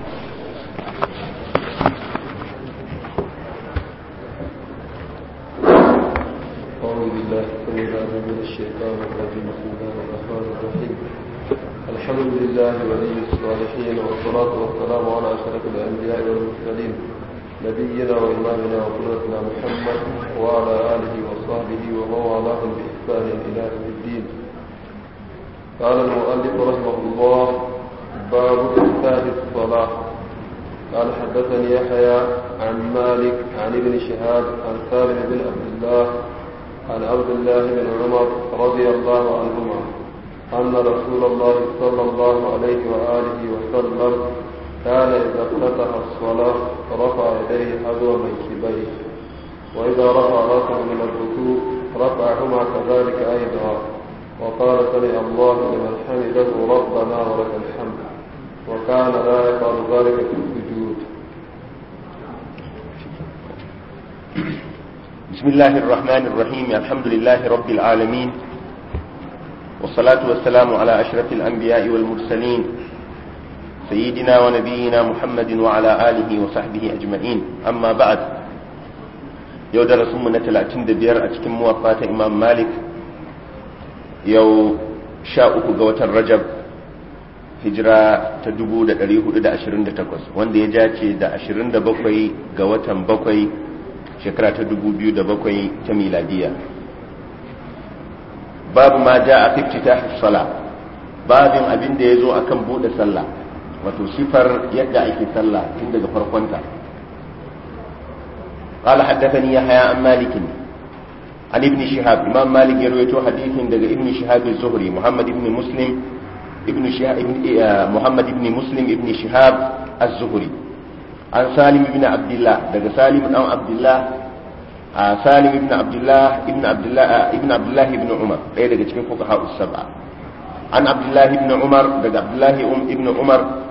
أعوذ بالله من الشيطان الرجيم الرحمن الرحيم الحمد لله ولي الصالحين والصلاة والسلام على أشرف الأنبياء والمرسلين نبينا وإمامنا وقدرتنا محمد وعلى آله وصحبه ومن والاهم بإحسان إلى يوم الدين قال المؤلف رحمه الله باب إفتاح الصلاة قال حدثني يحيى عن مالك عن ابن شهاب عن سالم بن عبد الله عن عبد الله بن عمر رضي الله عنهما أن رسول الله صلى الله عليه وآله وسلم كان إذا افتتح الصلاة رفع يديه حذو منكبيه وإذا رفع رأسه من الركوع رفعهما كذلك أيضا وقال سمع الله لمن حمده ربنا ولك الحمد وكان لا يفعل ذلك في السجود بسم الله الرحمن الرحيم الحمد لله رب العالمين والصلاة والسلام على أشرف الأنبياء والمرسلين سيدنا ونبينا محمد وعلى آله وصحبه أجمعين أما بعد يو درس من تلاتين دبير أتكم موطاة إمام مالك يو شاء قوة الرجب hijira ta 1428 wanda ya jace da 27 ga watan 7 shekara ta 2007 ta miladiya babu ma ja a fifti ta sala babin abin da ya zo a kan buɗe sallah wato sifar yadda ake sallah tun daga farkonta قال حدثني يحيى عن مالك عن ابن شهاب إمام مالك يروي حديث daga ابن شهاب الزهري محمد بن مسلم ابن شهاب محمد ابن مسلم ابن شهاب الزهري عن سالم ابن عبد الله دغ سالم بن عبد الله سالم ابن عبد الله ابن عبد الله ابن عبد الله ابن عمر daga cikin fuqaha us-sab'a an Abdullah ibn Umar daga Abdullah ibn Umar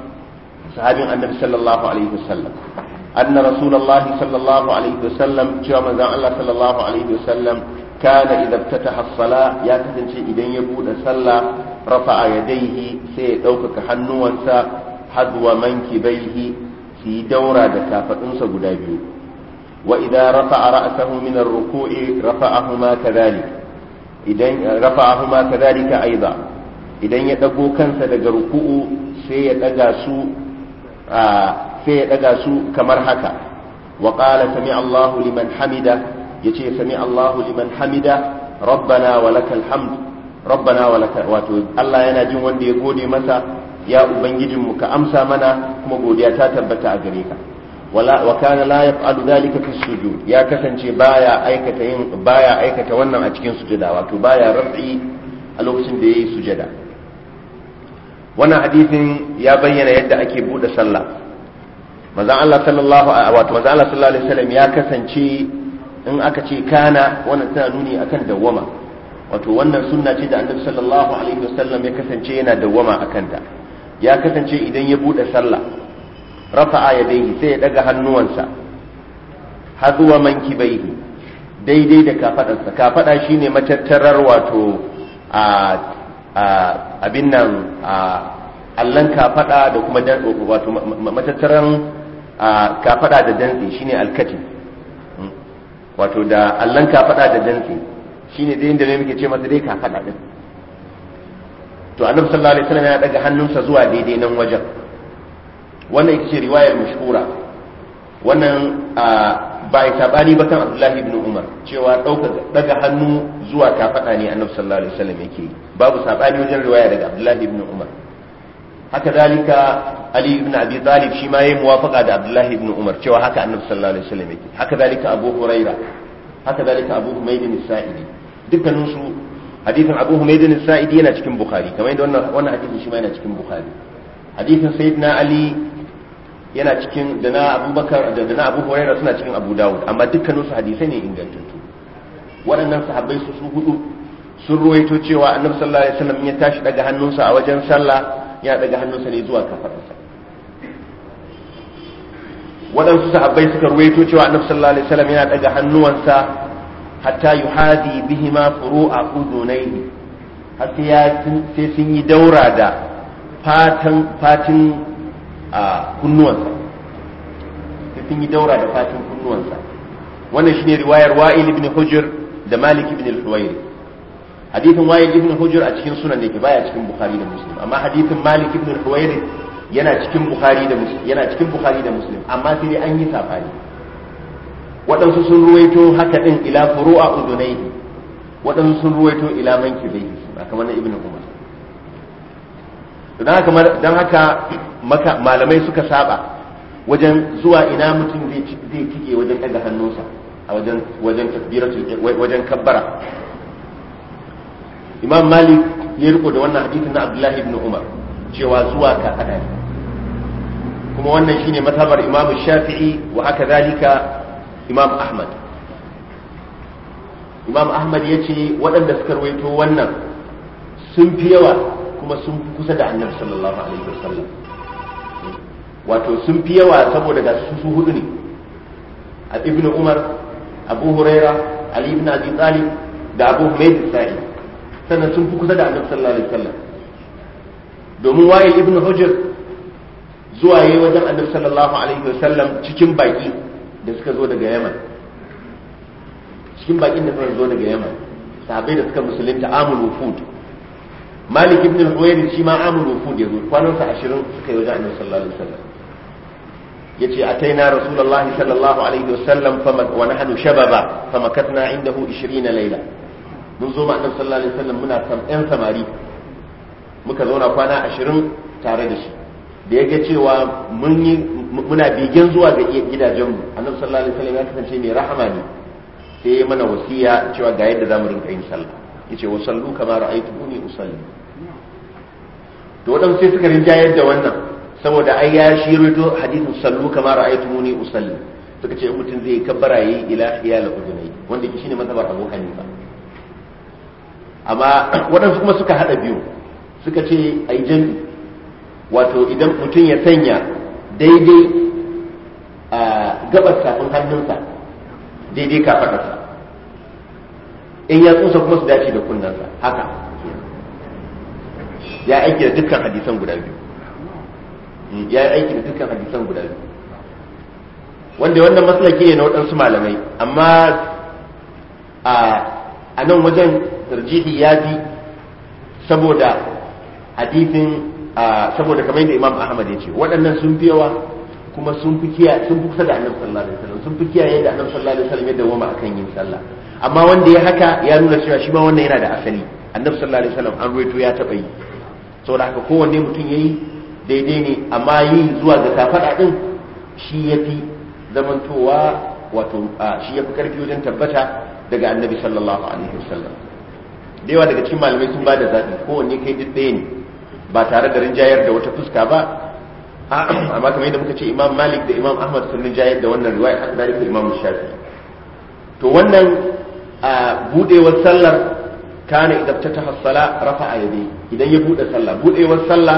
kala idan ta hassala ya kasance idan ya bude sallah rafa'a yadaihi sai ya ɗaukaka hannuwansa hadwa mankibaihi su yi daura da kafaɗinsa guda biyu wa idan rafa'a ra'sahu min ar-ruku'i rafa'ahuma kadhalik idan rafa'ahuma kadhalika idan ya dago kansa daga ruku'u sai ya daga su kamar haka wa qala sami Allahu liman hamida yace sami Allahu liman hamida rabbana wa lakal hamd rabbana wa wato Allah yana jin wanda ya gode masa ya ubangijin mu ka amsa mana kuma godiya ta tabbata a gare ka wala wa kana la yaf'alu dhalika fi sujud ya kasance baya aikata yin baya aikata wannan a cikin sujada wato baya raf'i a lokacin da yayi sujada wannan hadisin ya bayyana yadda ake bude sallah manzon Allah sallallahu wato manzon Allah sallallahu alaihi ya kasance in aka ce kana wannan tana nuni akan dawwama wato wannan sunna ce da annabi sallallahu alaihi wasallam ya kasance yana dawwama akan ta ya kasance idan ya bude sallah rafa'a yadayhi sai ya daga hannuwansa hazuwa mankibaihi daidai da kafadarsa kafada shine matattarar wato a abin nan a allan kafada da kuma wato matattaran kafada da dantse shine alkatib wato da allan kafada da dantse shine dai inda ne muke ce masa dai kafada din to annabi sallallahu alaihi wasallam ya daga hannunsa zuwa daidai nan wajen wannan ita ce riwayar mashhura wannan ba a sabani ba kan abdullahi ibn umar cewa daga hannu zuwa kafada ne annabi sallallahu alaihi wasallam yake yi babu sabani wajen riwaya daga abdullahi ibn umar haka zalika ali ibn abi talib shi ma yayi muwafaqa da abdullahi ibn umar cewa haka annabi sallallahu alaihi wasallam yake haka zalika abu huraira haka zalika abu humaid bin sa'idi dukkanin su hadithin abu humaid sa'idi yana cikin bukhari kamar yadda wannan wannan hadithin shi ma yana cikin bukhari hadithin sayyidina ali yana cikin da na abubakar da na abu hurairah suna cikin abu dawud amma dukkanin su hadisai ne ingantattu waɗannan sahabbai su su hudu sun ruwaito cewa annabi sallallahu alaihi wasallam ya tashi daga hannunsa a wajen sallah ya daga hannunsa ne zuwa kafarsa waɗansu sahabbai suka ruwaito cewa annabi sallallahu alaihi wasallam yana daga hannuwansa hatta yuhadi bihima furu'a udunaihi har sai sun yi daura da fatan fatin a kunnuwansa sai sun yi daura da fatin kunnuwansa wannan shine riwayar wa'il ibn hujr da malik ibn al huwayri hadithin wa'il ibn hujr a cikin sunan ne ke baya cikin bukhari da muslim amma hadithin malik ibn al huwayri yana cikin bukhari da muslim yana cikin bukhari da muslim amma sai an yi safari waɗansu sun ruwaito haka din ila furu'a udunaihi waɗansu sun ruwaito ila mankibaihi ba kamar na ibnu umar don haka dan haka malamai suka saba wajen zuwa ina mutum zai tike wajen daga hannunsa a wajen wajen takbiratul wajen kabbara imam malik ya riko da wannan hadisin na abdullahi ibn umar cewa zuwa ka kada kuma wannan shine mazhabar imamu shafi'i wa haka zalika imam ahmad imam ahmad ya ce waɗanda suka rawaito wannan sun fi yawa kuma sun fi kusa da annabi sallallahu alaihi wasallam wato sun fi yawa saboda ga su hudu ne ibn umar abu huraira ali ibn abi talib da abu humayd sa'i sannan sun fi kusa da annabi sallallahu alaihi wasallam domin waye ibn hujr zuwa yi wajen annabi sallallahu alaihi wasallam cikin baki da suka zo daga yaman cikin bakin da suka zo daga yaman sahabbai da suka musulunta amul wufud malik ibn al-huwairi shi ma amul wufud yazo kwanan sa 20 suka yi wajen annabi sallallahu alaihi wasallam yace ataina rasulullahi sallallahu alaihi wasallam fa wa nahnu shababa fa indahu 20 layla mun zo ma annabi sallallahu alaihi sallam muna sam samari muka zauna kwana 20 tare da shi da ya ga cewa muna bigen zuwa ga gidajenmu annabi sallallahu alaihi wasallam ya kasance mai rahama ne sai ya mana wasiya cewa ga yadda zamu rinka yin sallah yace wa sallu kama ra'aytumuni usalli to wadan sai suka rinja yadda wannan saboda ai ya shirito hadithu sallu kama ra'aytumuni usalli suka ce mutum zai kabbara yi ila iyal udunai wanda shi ne mazhabar Abu Hanifa amma waɗansu kuma suka hada biyu suka ce ai jami'i wato idan mutum ya sanya daidai a gabar tafin hannunsa daidai kafadarsa in ya tsusa kuma su dace da kunnansa haka ya aiki da dukkan hadisan guda biyu ya aiki da dukkan hadisan guda biyu wanda wannan maslaki ne na waɗansu malamai amma a nan wajen tarjihi ya fi saboda hadisin saboda kamar yadda imam ahmad ya ce waɗannan sun fi yawa kuma sun fi kiya sun fi kusa da annabi sallallahu alaihi wasallam sun fi kiyaye da annabi sallallahu alaihi wasallam yadda wama akan yin sallah amma wanda ya haka ya nuna cewa shi ma wannan yana da asali annabi sallallahu alaihi wasallam an ruwaito ya taɓa yi saboda haka kowanne mutum yayi daidai ne amma yi zuwa ga kafaɗa ɗin shi ya fi zamantowa wato shi ya fi wajen tabbata daga annabi sallallahu alaihi wasallam da yawa daga cikin malamai sun ba da zaɓi kowanne kai duk ɗaya ne ba tare da rinjayar da wata fuska ba amma kamar yadda muka ce imam malik da imam ahmad sun rinjayar da wannan ruwa? haka imam shafi to wannan a budewar sallar kana idan ta rafa a yadi idan ya bude sallah budewar sallah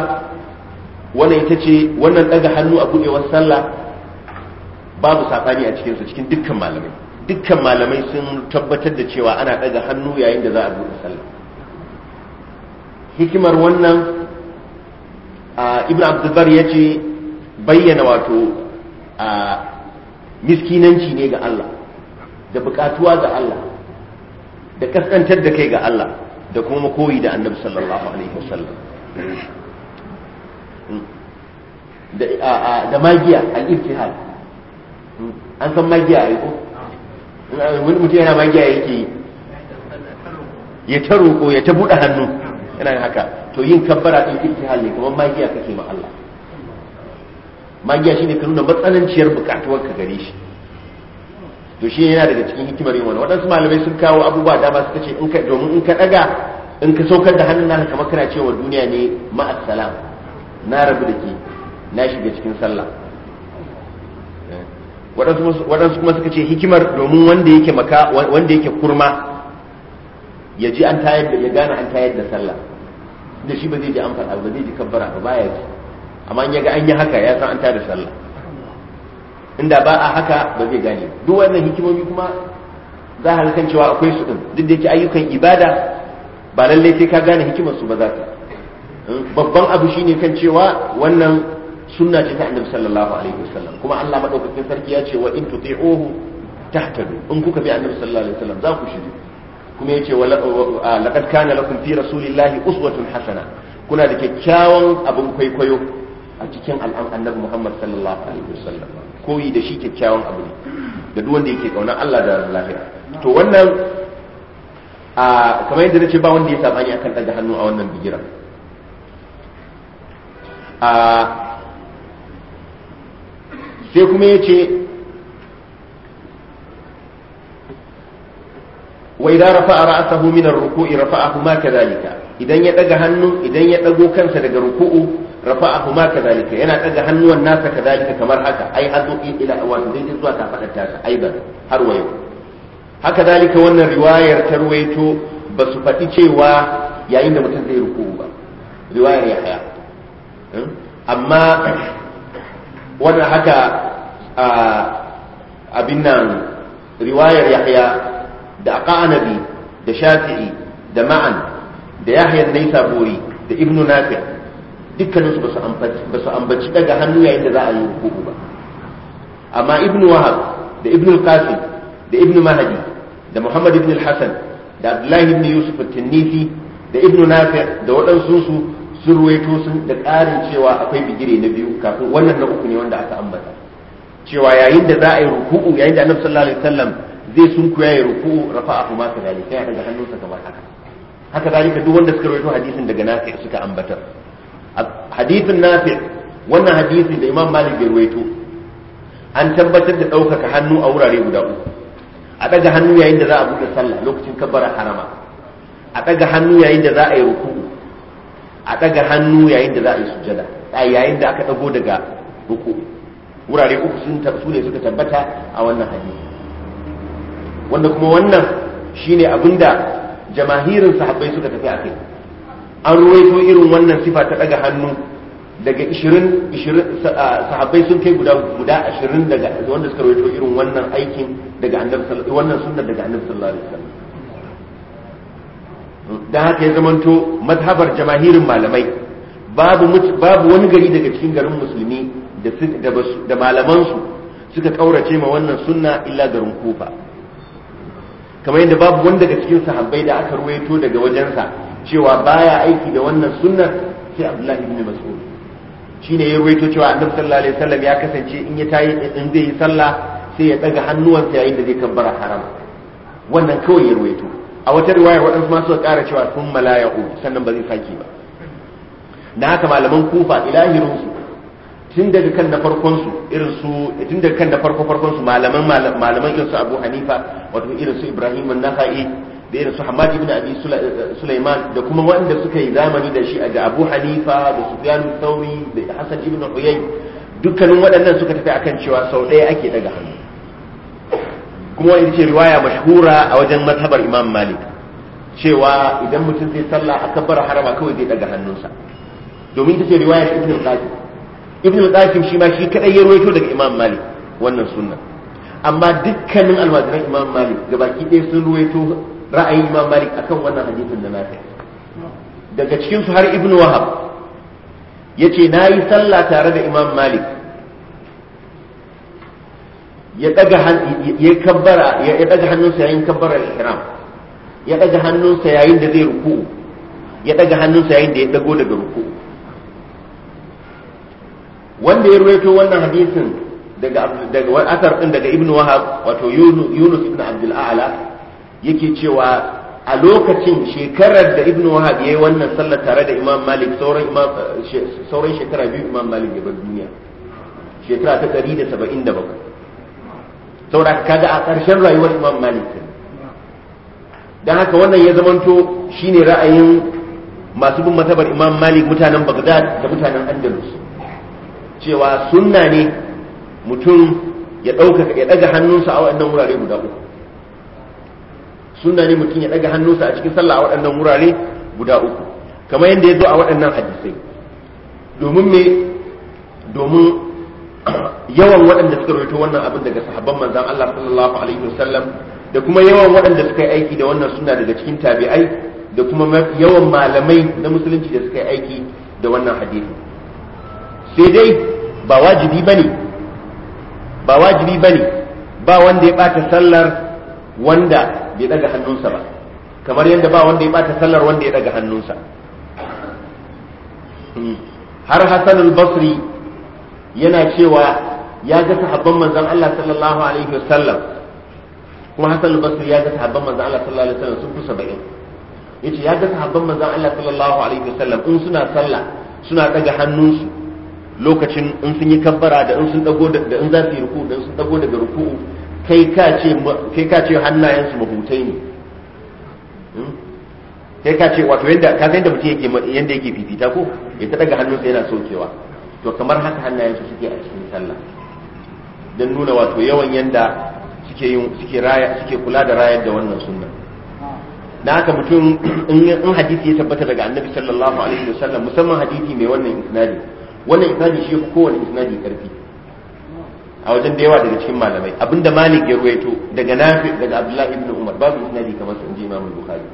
wannan ita ce wannan daga hannu a budewar sallah babu sabani a cikinsa cikin dukkan malamai dukkan malamai sun tabbatar da cewa ana daga hannu yayin da za a bude sallah hikimar wannan ibn abdulbar ya ce bayyana wato miskinanci ne ga Allah da bukatuwa ga Allah da kaskantar da kai ga Allah da kuma koyi da annabi sallallahu alaihi wasallam da magiya al hal an san magiya a yiko wani mutum yana magiya yake yi ya ta roƙo ya ta buɗe hannu yin haka to yin kabbara din ittihal ne kamar magiya kake ma Allah magiya shine ka nuna matsananciyar bukatuwar ka gare shi to shi yana daga cikin hikimar yin wani waɗansu malamai sun kawo abubuwa dama suka ce in ka domin in ka daga in ka saukar da hannun naka kamar kana cewa duniya ne ma'assalam na rabu da ke na shiga cikin sallah eh. waɗansu kuma suka ce hikimar domin wanda yake maka wanda yake kurma ya ji an tayar da ya gane an tayar da sallah da shi ba zai ji an faɗa ba zai ji kabbara ba baya ji amma in ya ga an yi haka ya san an tada sallah inda ba a haka ba zai gane duk wannan hikimomi kuma za a kan cewa akwai su din duk da yake ayyukan ibada ba lallai sai ka gane hikimar su ba za ka babban abu shine kan cewa wannan sunna ce ta annabi sallallahu alaihi wasallam kuma Allah madaukakin sarki ya ce wa in tuti'uhu tahtadu in kuka bi annabi sallallahu alaihi wasallam za ku shiri kuma yace wa laqad kana lakum fi rasulillahi uswatun hasana kuna da kyakkyawan abin kwaikwayo a cikin al'an annabi Muhammad sallallahu alaihi wasallam koyi da shi kyakkyawan abu ne da duk wanda yake kauna Allah da lafiya to wannan a kamar yadda nace ba wanda ya sabani akan daga hannu a wannan bigira a sai kuma yace wa idza rafa'a ra'sahu min ar-ruku'i rafa'ahu ma kadhalika idan ya daga hannu idan ya dago kansa daga ruku'u rafa'ahu ma kadhalika yana daga hannuwan nasa kadhalika kamar haka ai hazuki ila wato zai ji zuwa kafadar tasa aiban har wayo haka dalika wannan riwayar tarwaito ba su faɗi cewa yayin da mutum zai ruku'u ba riwayar hmm? amma haka riwayar yahya da Aqanabi, da shafi'i da ma'an da yahya saburi da ibnu nafi dukkanin su ba su ambaci daga hannu yayin da za a yi hukuku ba amma ibnu wahab da ibnu qasim da ibnu mahdi da muhammad ibn al-hasan da abdullahi ibn yusuf at-tinnifi da ibnu nafi da waɗansu su sun ruwaito sun da ƙarin cewa akwai bigire na biyu kafin wannan na uku ne wanda aka ambata cewa yayin da za a yi ruku'u yayin da annabi sallallahu alaihi wasallam zai sun kuya ya ruku a kuma kadalik sai ya daga hannunsa kamar haka haka zalika duk wanda suka rawaito hadisin daga nafi suka ambata hadisin nafi wannan hadisin da imam malik bai rawaito an tabbatar da ɗaukaka hannu a wurare guda uku a daga hannu yayin da za a buɗe sallah lokacin kabbara harama a daga hannu yayin da za a yi ruku a daga hannu yayin da za a yi sujada yayin da aka ɗago daga ruku wurare uku sun ne suka tabbata a wannan hadisi wanda kuma wannan shine da jamahirin sahabbai suka tafi a kai an ruwaito irin wannan sifa ta daga hannu daga 20 sahabbai sun kai guda guda 20 daga wanda suka ruwaito irin wannan aikin daga annabi sallallahu wannan sunan daga annabi sallallahu alaihi wasallam dan haka ya zamanto madhabar jamahirin malamai babu babu wani gari daga cikin garin musulmi da da malaman su suka kaurace ma wannan sunna illa garin kufa kamar yadda babu wanda daga cikin sahabbai da aka ruwaito daga wajensa cewa baya aiki da wannan sunnar sai abdullahi ibn mas'ud shine ya ruwaito cewa annabi sallallahu alaihi wasallam ya kasance in ya tayi in zai yi sallah sai ya daga hannuwansa yayin da zai kabbara haram wannan kawai ya ruwaito a wata riwaya waɗansu ma suka ƙara cewa sun malaya'u sannan ba zai sake ba na haka malaman kufa ilahirinsu tun daga kan na farkon su irin su tun daga kan da farko farkon su malaman malaman irin su Abu Hanifa wato irin su Ibrahim an-Nakhai da irin su Hamad ibn Abi eh, Sulaiman da kuma wanda suka yi zamani da shi da Abu Hanifa da Sufyan thawri da Hasan ibn Uyay dukkanin waɗannan suka tafi akan cewa sau ɗaya ake daga hannu kuma wani ce riwaya mashhura a wajen mazhabar Imam Malik cewa idan mutum zai sallah a kabbar harama kawai zai daga hannunsa domin ta ce riwayar Ibn Qasim ibn al-qasim shi ma shi kadai ya rawaito daga imam malik wannan sunna amma dukkanin almajiran imam malik gabaki ɗaya sun rawaito ra'ayin imam malik akan wannan hadisin da nake daga cikin su har ibn wahab yace nayi sallah tare da imam malik ya daga ya kabbara ya daga hannunsa yayin kabbara ihram ya daga hannunsa yayin da zai ruku ya daga hannunsa yayin da ya dago daga ruku'u wanda ya ruwaito wannan hadisin daga daga asar din daga Ibn wahab wato yunus ibn abdul a'la yake cewa a lokacin shekarar da Ibn wahab yayi wannan sallar tare da imam malik sauran imam sauran shekara biyu imam malik ya bar duniya shekara ta 177 saboda kaga a ƙarshen rayuwar imam malik dan haka wannan ya zamanto shine ra'ayin masu bin matabar imam malik mutanen bagdad da mutanen andalus cewa sunna ne mutum ya ɗauka ya ɗaga hannunsa a waɗannan wurare guda uku sunna ne mutum ya ɗaga hannunsa a cikin sallah a waɗannan wurare guda uku kamar yadda ya zo a waɗannan hadisai domin me domin yawan waɗanda suka rawaito wannan abin daga sahabban manzon Allah sallallahu alaihi wasallam da kuma yawan waɗanda suka yi aiki da wannan suna daga cikin tabi'ai da kuma yawan malamai na musulunci da suka yi aiki da wannan hadisi sai dai ba wajibi bane ba wajibi bane ba wanda ya bata sallar wanda bai daga hannunsa ba kamar yadda ba wanda ya bata sallar wanda ya daga hannunsa hmm. har hasanul basri yana cewa ya ga sahabban manzon Allah sallallahu alaihi wasallam kuma hasanul basri ya ga sahabban manzon Allah sallallahu alaihi wasallam sun kusa bayin yace ya ga sahabban manzon Allah sallallahu alaihi wasallam in suna sallah suna daga hannunsu lokacin in sun yi kabbara da in sun dago da in za su yi ruku da in sun dago daga ruku'u kai ka ce kai ka ce hannayensu mabutai ne hmm? kai ka ce wato yanda ka san da mutum yake yanda yake fifita ko ya ta daga hannunsa yana sokewa to kamar haka hannayensu suke a cikin sallah dan nuna wato yawan yanda suke yin suke raya suke kula da rayar da wannan sunna na haka mutum in hadisi ya tabbata daga annabi sallallahu alaihi wasallam musamman hadisi mai wannan isnadi wannan isnadi shi ko kowane isnadi karfi a wajen da yawa daga cikin malamai abinda malik ya ruwaito daga nafi daga abdullahi ibn umar babu isnadi kamar su ji imam bukhari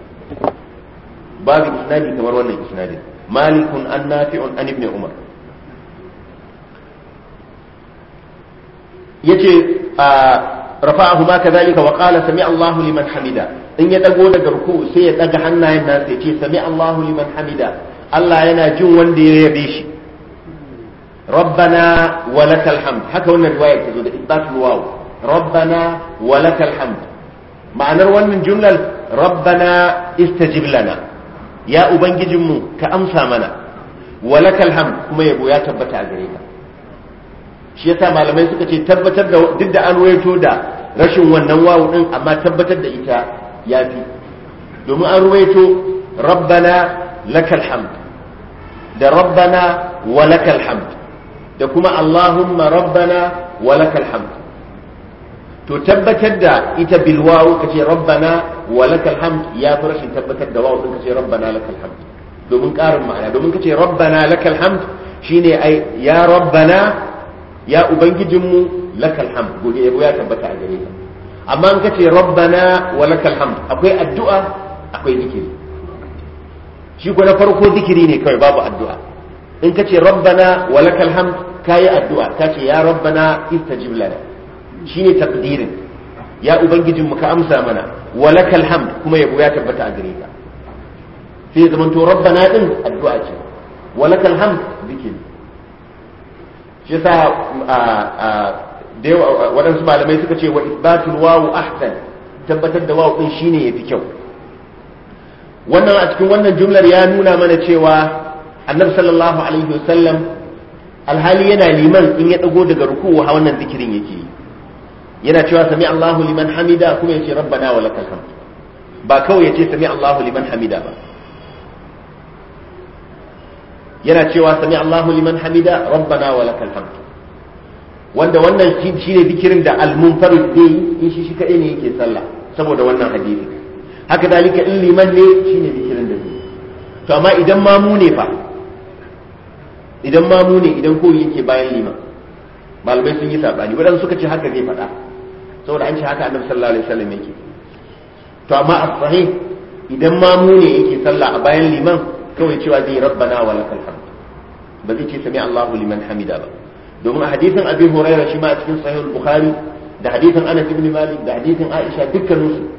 babu isnadi kamar wannan isnadi malikun an nafi'un an ibn umar yace rafa'ahu ma kadhalika wa qala sami Allahu liman hamida in ya dago daga ruku sai ya daga hannayen nasa yace sami Allahu liman hamida Allah yana jin wanda ya yabe shi rabbana wa lakal haka wannan riwaya ta zo da ibbatul waw rabbana wa lakal ma'anar wannan jumlar rabbana istajib lana ya ubangijinmu ka amsa mana wa lakal kuma yabo ya tabbata a gare ka shi yasa malamai suka ce tabbatar da duk da an ruwaito da rashin wannan wawu din amma tabbatar da ita yafi domin an ruwaito rabbana lakal hamd da rabbana wa lakal da kuma Allahumma rabbana wa lakal hamd to tabbatar da ita bil wawu kace rabbana wa lakal hamd ya fi rashin tabbatar da wawu din kace rabbana lakal hamd domin karin ma'ana domin kace rabbana lakal hamd shine ai ya rabbana ya ubangijinmu lakal hamd gode yabo ya tabbata a gare ka amma in kace rabbana wa lakal hamd akwai addu'a akwai zikiri shi ko na farko zikiri ne kawai babu addu'a in kace rabbana wa lakal hamd ka yi addu'a ta ce ya rabbana istajib lana shine taqdirin ya ubangijinmu ka amsa mana walakal hamd kuma yabo ya tabbata a gare ka sai zaman to rabbana din addu'a ce walakal hamd zikiri shi yasa da waɗansu malamai suka ce wa isbatul wawu ahsan tabbatar da wawu din shine yafi kyau wannan a cikin wannan jumlar ya nuna mana cewa annabi sallallahu alaihi wasallam alhali yana liman in ya dago daga ruku'u ha wannan zikirin yake yi yana cewa sami Allahu liman hamida kuma yace rabbana wa lakal hamd ba kawai yace sami Allahu liman hamida ba yana cewa sami Allahu liman hamida rabbana wa lakal hamd wanda wannan shine zikirin da al-munfarid dai in shi shi kadai ne yake sallah saboda wannan hadisi haka dalika in liman ne shine zikirin da zai to amma idan mamu ne fa idan ma mu ne idan koyi yake bayan liman malamai sun yi sabani waɗansu suka ce haka zai faɗa saboda an ce haka annabi sallallahu alaihi wasallam yake to amma a sahih idan mu ne yake sallah a bayan liman kawai cewa zai rabbana wa lakal hamd ba zai ce sami Allahu liman hamida ba domin a hadisin abi huraira shi ma a cikin sahih bukhari da hadisin anas ibn malik da hadisin aisha su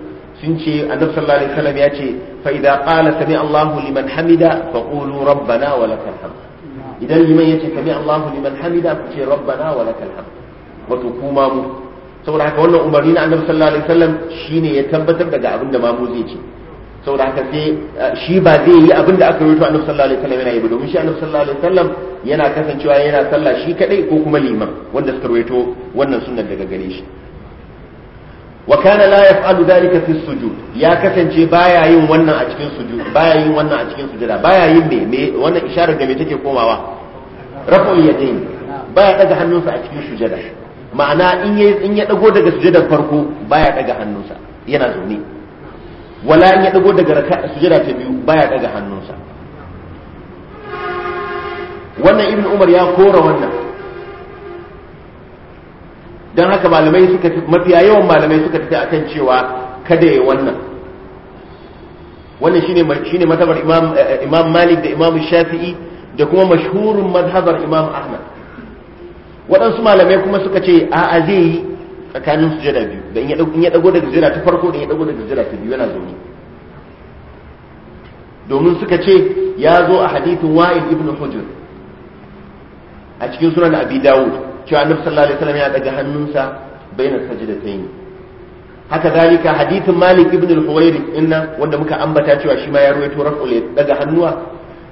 sun ce annabi sallallahu alaihi wasallam ya ce fa idza qala sami Allahu liman hamida fa qulu rabbana wa lakal hamd idan liman yace kami Allahu liman hamida ku ce rabbana wa lakal hamd wato kuma mu saboda haka wannan umarni na annabi sallallahu alaihi wasallam shine ya tabbatar daga abin da mamu zai ce saboda haka sai shi ba zai yi abin da aka rubuta annabi sallallahu alaihi wasallam yana yi ba domin shi annabi sallallahu alaihi wasallam yana kasancewa yana sallah shi kadai ko kuma liman wanda suka rubuto wannan sunnar daga gare shi wa kana la yaf'alu dhalika fi sujud ya kasance baya yin wannan a cikin sujud baya yin wannan a cikin sujuda baya yin me me wannan isharar da me take komawa rafu yadayn baya daga hannunsa a cikin sujada ma'ana in ya in ya dago daga sujudar farko baya daga hannunsa yana zaune wala in ya dago daga sujada ta biyu baya daga hannunsa wannan ibnu umar ya kora wannan don haka malamai suka mafiya yawan malamai suka tafi akan cewa kada ya wannan wannan shine shine mazhabar imam eh, eh, imam malik da imam shafi'i da kuma mashhurun mazhabar imam ahmad waɗansu malamai kuma suka ce a'a zai yi tsakanin su jira biyu da in ya dago daga jira ta farko da ya dago daga jira ta biyu yana zaune domin suka ce ya zo a hadithin wa'il ibn hujr a cikin sunan abi dawud cewa annabi sallallahu alaihi wasallam ya daga hannunsa bainar sajdatayn haka zalika hadithin malik ibn al-huwairi inna wanda muka ambata cewa shi ma ya ruwaito raf'ul ya daga hannuwa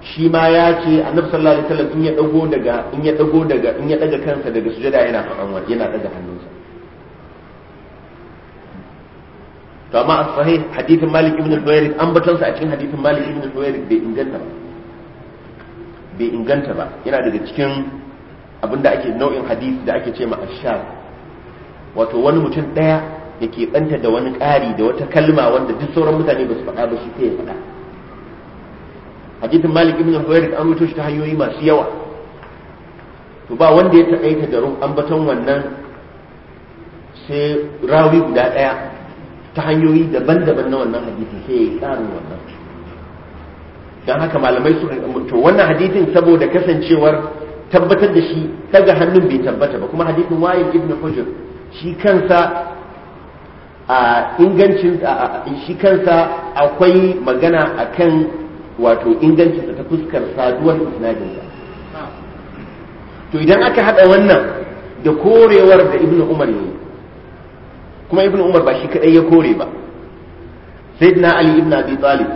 shi ma ya ce annabi sallallahu alaihi wasallam in ya dago daga in ya dago daga in ya daga kansa daga sujada yana faɗan wa yana daga hannunsa to amma sahih hadithin malik ibn al-huwairi ambatansa a cikin hadithin malik ibn al-huwairi bai inganta ba bai inganta ba yana daga cikin abinda ake nau'in hadisi da ake ce ma ashar wato wani mutum daya ke keɓanta da wani ƙari da wata kalma wanda duk sauran mutane ba su faɗa ba shi sai ya faɗa hadisin malik ibn huwairid an rubuto shi ta hanyoyi masu yawa to ba wanda ya taƙaita da ambaton wannan sai rawi guda ɗaya ta hanyoyi daban-daban na wannan hadisi sai ya ƙarin wannan don haka malamai su to wannan hadisin saboda kasancewar tabbatar da shi daga hannun bai tabbata ba kuma hadithin wayin ibn hujr shi kansa a ingancin shi kansa akwai magana akan wato ingancin ta fuskar saduwar isnadin to idan aka hada wannan da korewar da ibn umar ne kuma ibn umar ba shi kadai ya kore ba sayyidina ali ibn abi talib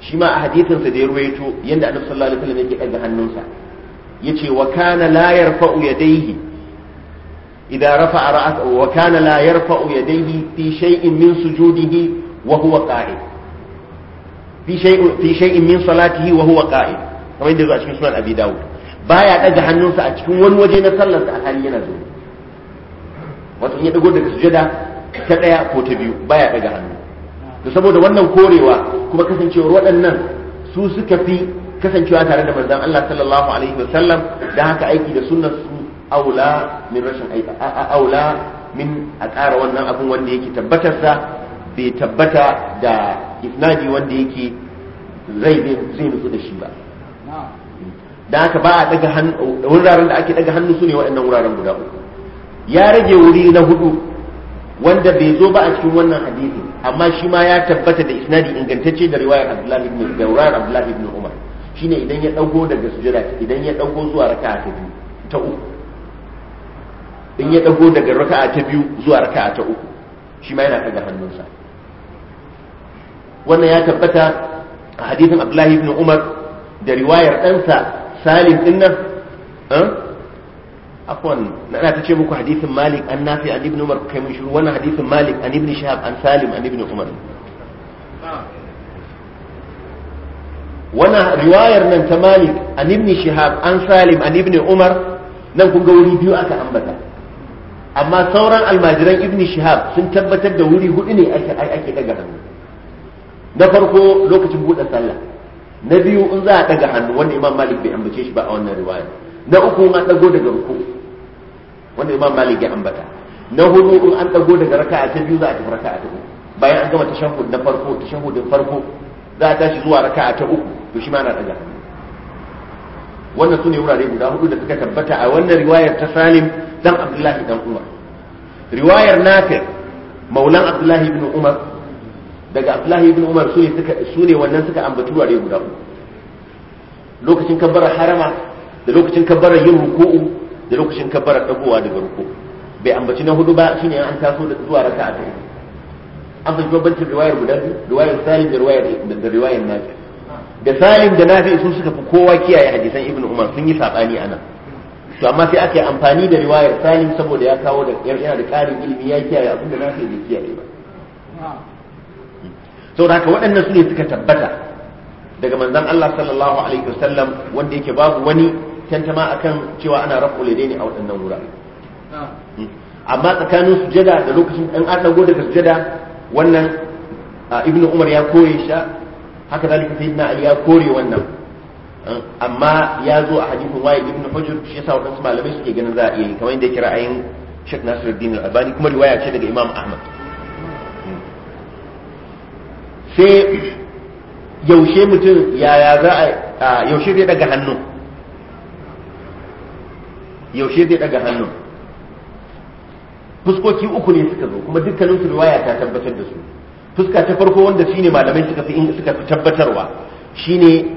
shi ma a sa da ya ruwaito yanda annabi sallallahu alaihi wasallam yake daga hannunsa yace wa kana la yarfa'u yadayhi idza rafa'a ra'atahu wa kana la yarfa'u yadayhi fi shay'in min sujudihi wa huwa qa'id fi shay'in fi shay'in min salatihi wa huwa qa'id kamar yadda zuwa cikin sunan abi dawud baya daga hannunsa a cikin wani waje na sallar da hali yana zuwa wato in ya dago daga sujada ta daya ko ta biyu baya daga hannu da saboda wannan korewa kuma kasancewar waɗannan su suka fi kasancewa tare da manzon Allah sallallahu alaihi wasallam da haka aiki da sunnar su aula min rashin aiki aula min a ƙara wannan abin wanda yake tabbatarsa bai tabbata da isnadi wanda yake zai zai nutsu da shi ba da haka ba a daga hannu wuraren da ake daga hannu su ne waɗannan wuraren guda uku ya rage wuri na hudu wanda bai zo ba a cikin wannan hadisi amma shi ma ya tabbata da isnadi ingantacce da riwayar Abdullahi ibn Dawrar Abdullahi ibn Umar shine idan ya dago daga sujada idan ya dago zuwa raka'a ta biyu ta uku in ya dago daga raka'a ta biyu zuwa raka'a ta uku shi ma yana daga hannunsa wannan ya tabbata a hadithin Abdullahi ibn Umar da riwayar ɗansa Salim din nan eh? afwan na ta ce muku hadithin Malik an Nafi an Ibn Umar kai mun shiru wannan hadithin Malik an Ibn Shihab an Salim an Ibn Umar wannan riwayar nan ta malik an ibn shihab an salim an ibn umar nan kun ga wuri biyu aka ambata amma sauran almajiran ibn shihab sun tabbatar da wuri hudu ne ake daga hannu na farko lokacin buɗe sallah na biyu in za a daga hannu wanda imam malik bai ambace shi ba a wannan riwaya na uku in an dago daga ruku wanda imam malik ya ambata na hudu in an dago daga raka'a ta biyu za a tafi raka'a ta uku bayan an gama tashahhud na farko tashahhudin farko za a tashi zuwa raka'a ta uku to shi ma na daga hannu wannan sune wurare guda hudu da suka tabbata a wannan riwayar ta Salim dan Abdullahi dan Umar riwayar Nafi maulan Abdullahi ibn Umar daga Abdullahi ibn Umar sune suka sune wannan suka ambaci wurare guda hudu lokacin kabbara harama da lokacin kabbara yin ruku'u da lokacin kabbara dagowa daga ruku'u bai ambaci na hudu ba shine an taso da zuwa raka'a ta uku an fahimci bambancin riwayar guda biyu riwayar salim da riwayar da riwayar nafi da salim da nafi sun suka fi kowa kiyaye hadisan ibnu umar sun yi sabani anan to amma sai aka yi amfani da riwayar salim saboda ya kawo da yana da karin ilimi ya kiyaye abin da nafi bai kiyaye ba saboda haka waɗannan su ne suka tabbata daga manzan Allah sallallahu alaihi wasallam wanda yake babu wani tantama akan cewa ana rafu ne a waɗannan wurare hmm. amma tsakanin sujada da lokacin ɗan an daga sujada wannan ibnu umar ya kore sha haka da zalika sayyidina ali ya kore wannan amma ya zo a hadithin waye ibnu hujr shi yasa wannan malamai suke ganin za a iya yi kamar yadda ya kira ayin Sheikh Nasiruddin Al-Albani kuma riwaya ce daga Imam Ahmad sai yaushe mutum yaya za a yaushe zai daga hannu yaushe zai daga hannu fuskoki uku ne suka zo kuma dukkanin su riwaya ta tabbatar da su fuska ta farko wanda shine malamai suka fi suka fi tabbatarwa shine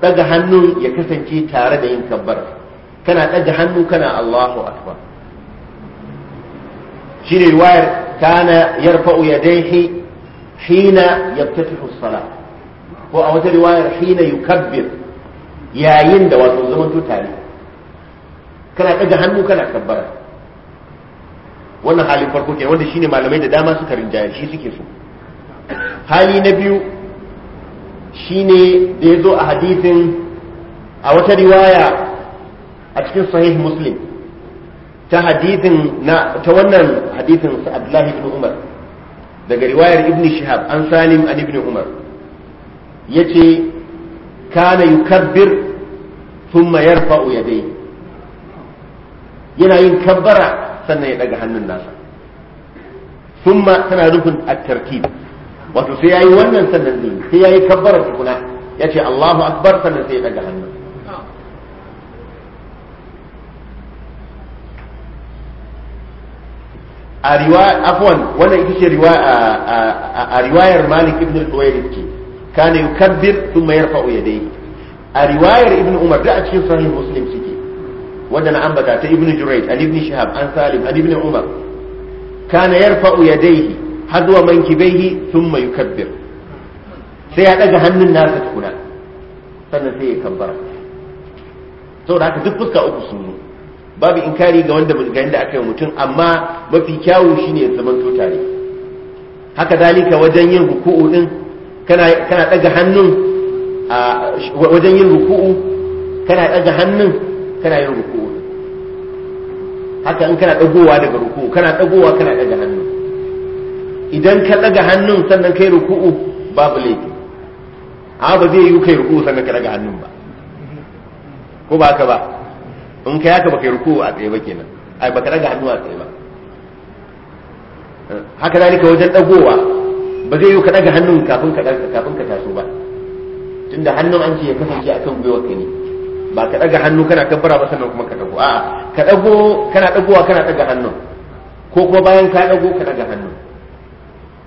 daga hannun ya kasance tare da yin kabbar kana daga hannu kana Allahu akbar shine riwayar kana yarfa'u yadayhi hina yaftatihu as ko a wata riwayar hina yukabbir yayin da wato zaman tare kana daga hannu kana kabbara wannan halin farko kenan wanda shine malamai da dama suka rinjaya shi suke so hali na biyu shine da ya zo a hadisin a wata riwaya a cikin sahih muslim ta hadisin na ta wannan hadisin sa Abdullahi ibn Umar daga riwayar ibn Shihab an Salim an ibn Umar yace kana yukabbir thumma yarfa'u yadayhi yana yin kabbara sannan ya daga hannun nasa summa tana rufin at-tartib wato sai yi wannan sannan zai sai yayi kabbara tukuna yace Allahu akbar sannan sai ya daga hannun a riwaya afwan wannan ita ce a riwayar Malik ibn al-Huwayrith ce kana yukabbir thumma yarfa'u yadayhi a riwayar Ibn Umar da a cikin sahih Muslim suke wanda na ambata ta ibnu jurayj an ibn shihab an salim an ibn umar kana yarfa'u yadayhi hadwa mankibaihi thumma yukabbir sai ya daga hannun nasa tukuna sannan sai ya kabbara da haka duk fuska uku sun babu inkari ga wanda ga inda aka yi mutum amma mafi kyawu shine ya to tare haka zalika wajen yin ruku'u din kana kana daga hannun wajen yin ruku'u kana daga hannun kana yin ruku haka in kana dagowa daga ruku kana dagowa kana daga hannu idan ka daga hannun sannan kai ruku'u babu laifi amma ba zai yi kai ruku'u sannan ka daga hannun ba ko ba haka ba in kai haka ba kai ruku'u a tsaye ba kenan ai ba ka daga hannu a tsaye ba haka zalika wajen dagowa ba zai yi ka daga hannun kafin ka kafin ka taso ba tunda hannun an ce ya kasance akan gwiwar ka ne ba ka ɗaga hannu kana kabbara ba sannan kuma ka dago a'a ka dago kana dagowa kana daga hannu ko kuma bayan ka dago ka daga hannu.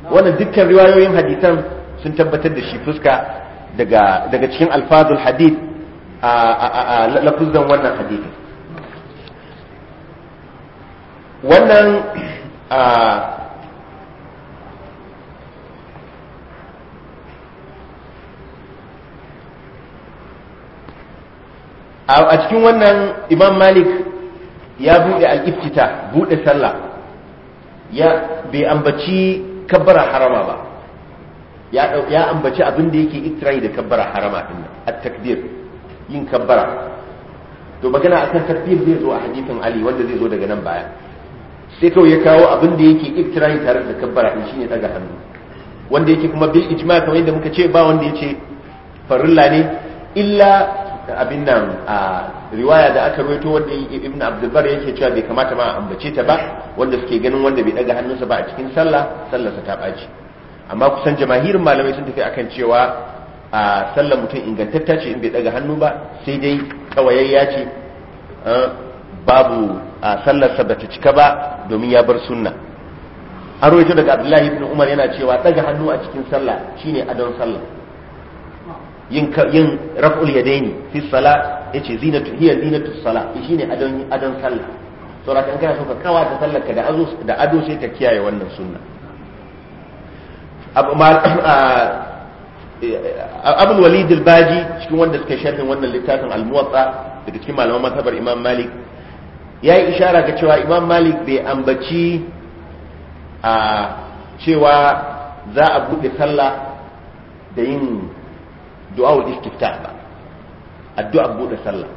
wannan dukkan riwayoyin hadisan sun tabbatar da shi fuska daga daga cikin alfazul hadith a lafuzan wannan hadithin wannan a cikin wannan imam malik ya buɗe al'iftita buɗe sallah ya bai ambaci kabbara harama ba ya ambaci abin da yake ikirai da kabbara harama nan at takbir yin kabbara to magana akan takbir zai zo a hadithin ali wanda zai zo daga nan baya sai kawai ya kawo abin da yake ikirai tare da kabbara in shine daga hannu wanda yake kuma bil ijma kamar yadda muka ce ba wanda yace farilla ne illa abin nan a riwaya da aka rawaito wanda ibn abdulbar yake cewa bai kamata ma a ambace ta ba wanda suke ganin wanda bai daga hannunsa ba a cikin sallah sallarsa ta ɓaci amma kusan jamahirin malamai sun tafi akan cewa a sallar mutum ingantatta ce in bai daga hannu ba sai dai kawayayya ce babu a sallarsa ba ta cika ba domin ya bar sunna an raito daga abdullahi ibn umar yana cewa daga hannu a cikin sallah shine adon sallah yin yin raf'ul yadaini fi salat yace zinatu hiya zinatu salat eh, shine adon adon sallah saboda kan kana so ka kawa ta sallar ka da azu da ado sai ta kiyaye wannan sunna abu ah, eh, walid al-baji cikin wanda suka sharhin wannan littafin al-muwatta daga cikin malaman mazhabar imam malik ya yi ishara ga cewa imam malik bai ambaci a ah, cewa za a buɗe sallah da yin du'a'ul istiftah ba addu'a bude sallah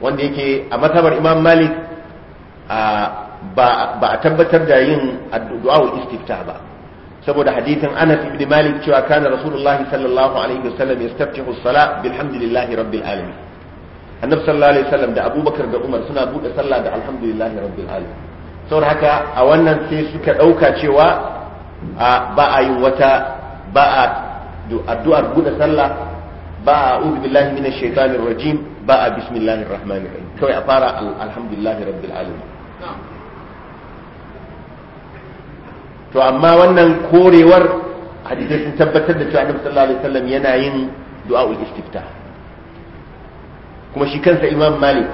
wanda yake a matabar imam malik ba a tabbatar da yin du'a'ul istiftah ba saboda hadithin anas ibn malik cewa kana rasulullahi sallallahu alaihi wasallam yastaftihu as-salah bilhamdillahi rabbil alamin annabi sallallahu alaihi wasallam da abubakar da umar suna bude sallah da alhamdulillahi rabbil alamin saboda haka a wannan sai suka ɗauka cewa ba a yi wata ba a addu'ar buɗe sallah ba a uzu billahi minash shaitanir rajim ba a bismillahir rahmanir rahim kawai a fara alhamdulillahi rabbil alamin to amma wannan korewar hadisai sun tabbatar da cewa annabi sallallahu alaihi wasallam yana yin du'a'ul istifta kuma shi kansa imam malik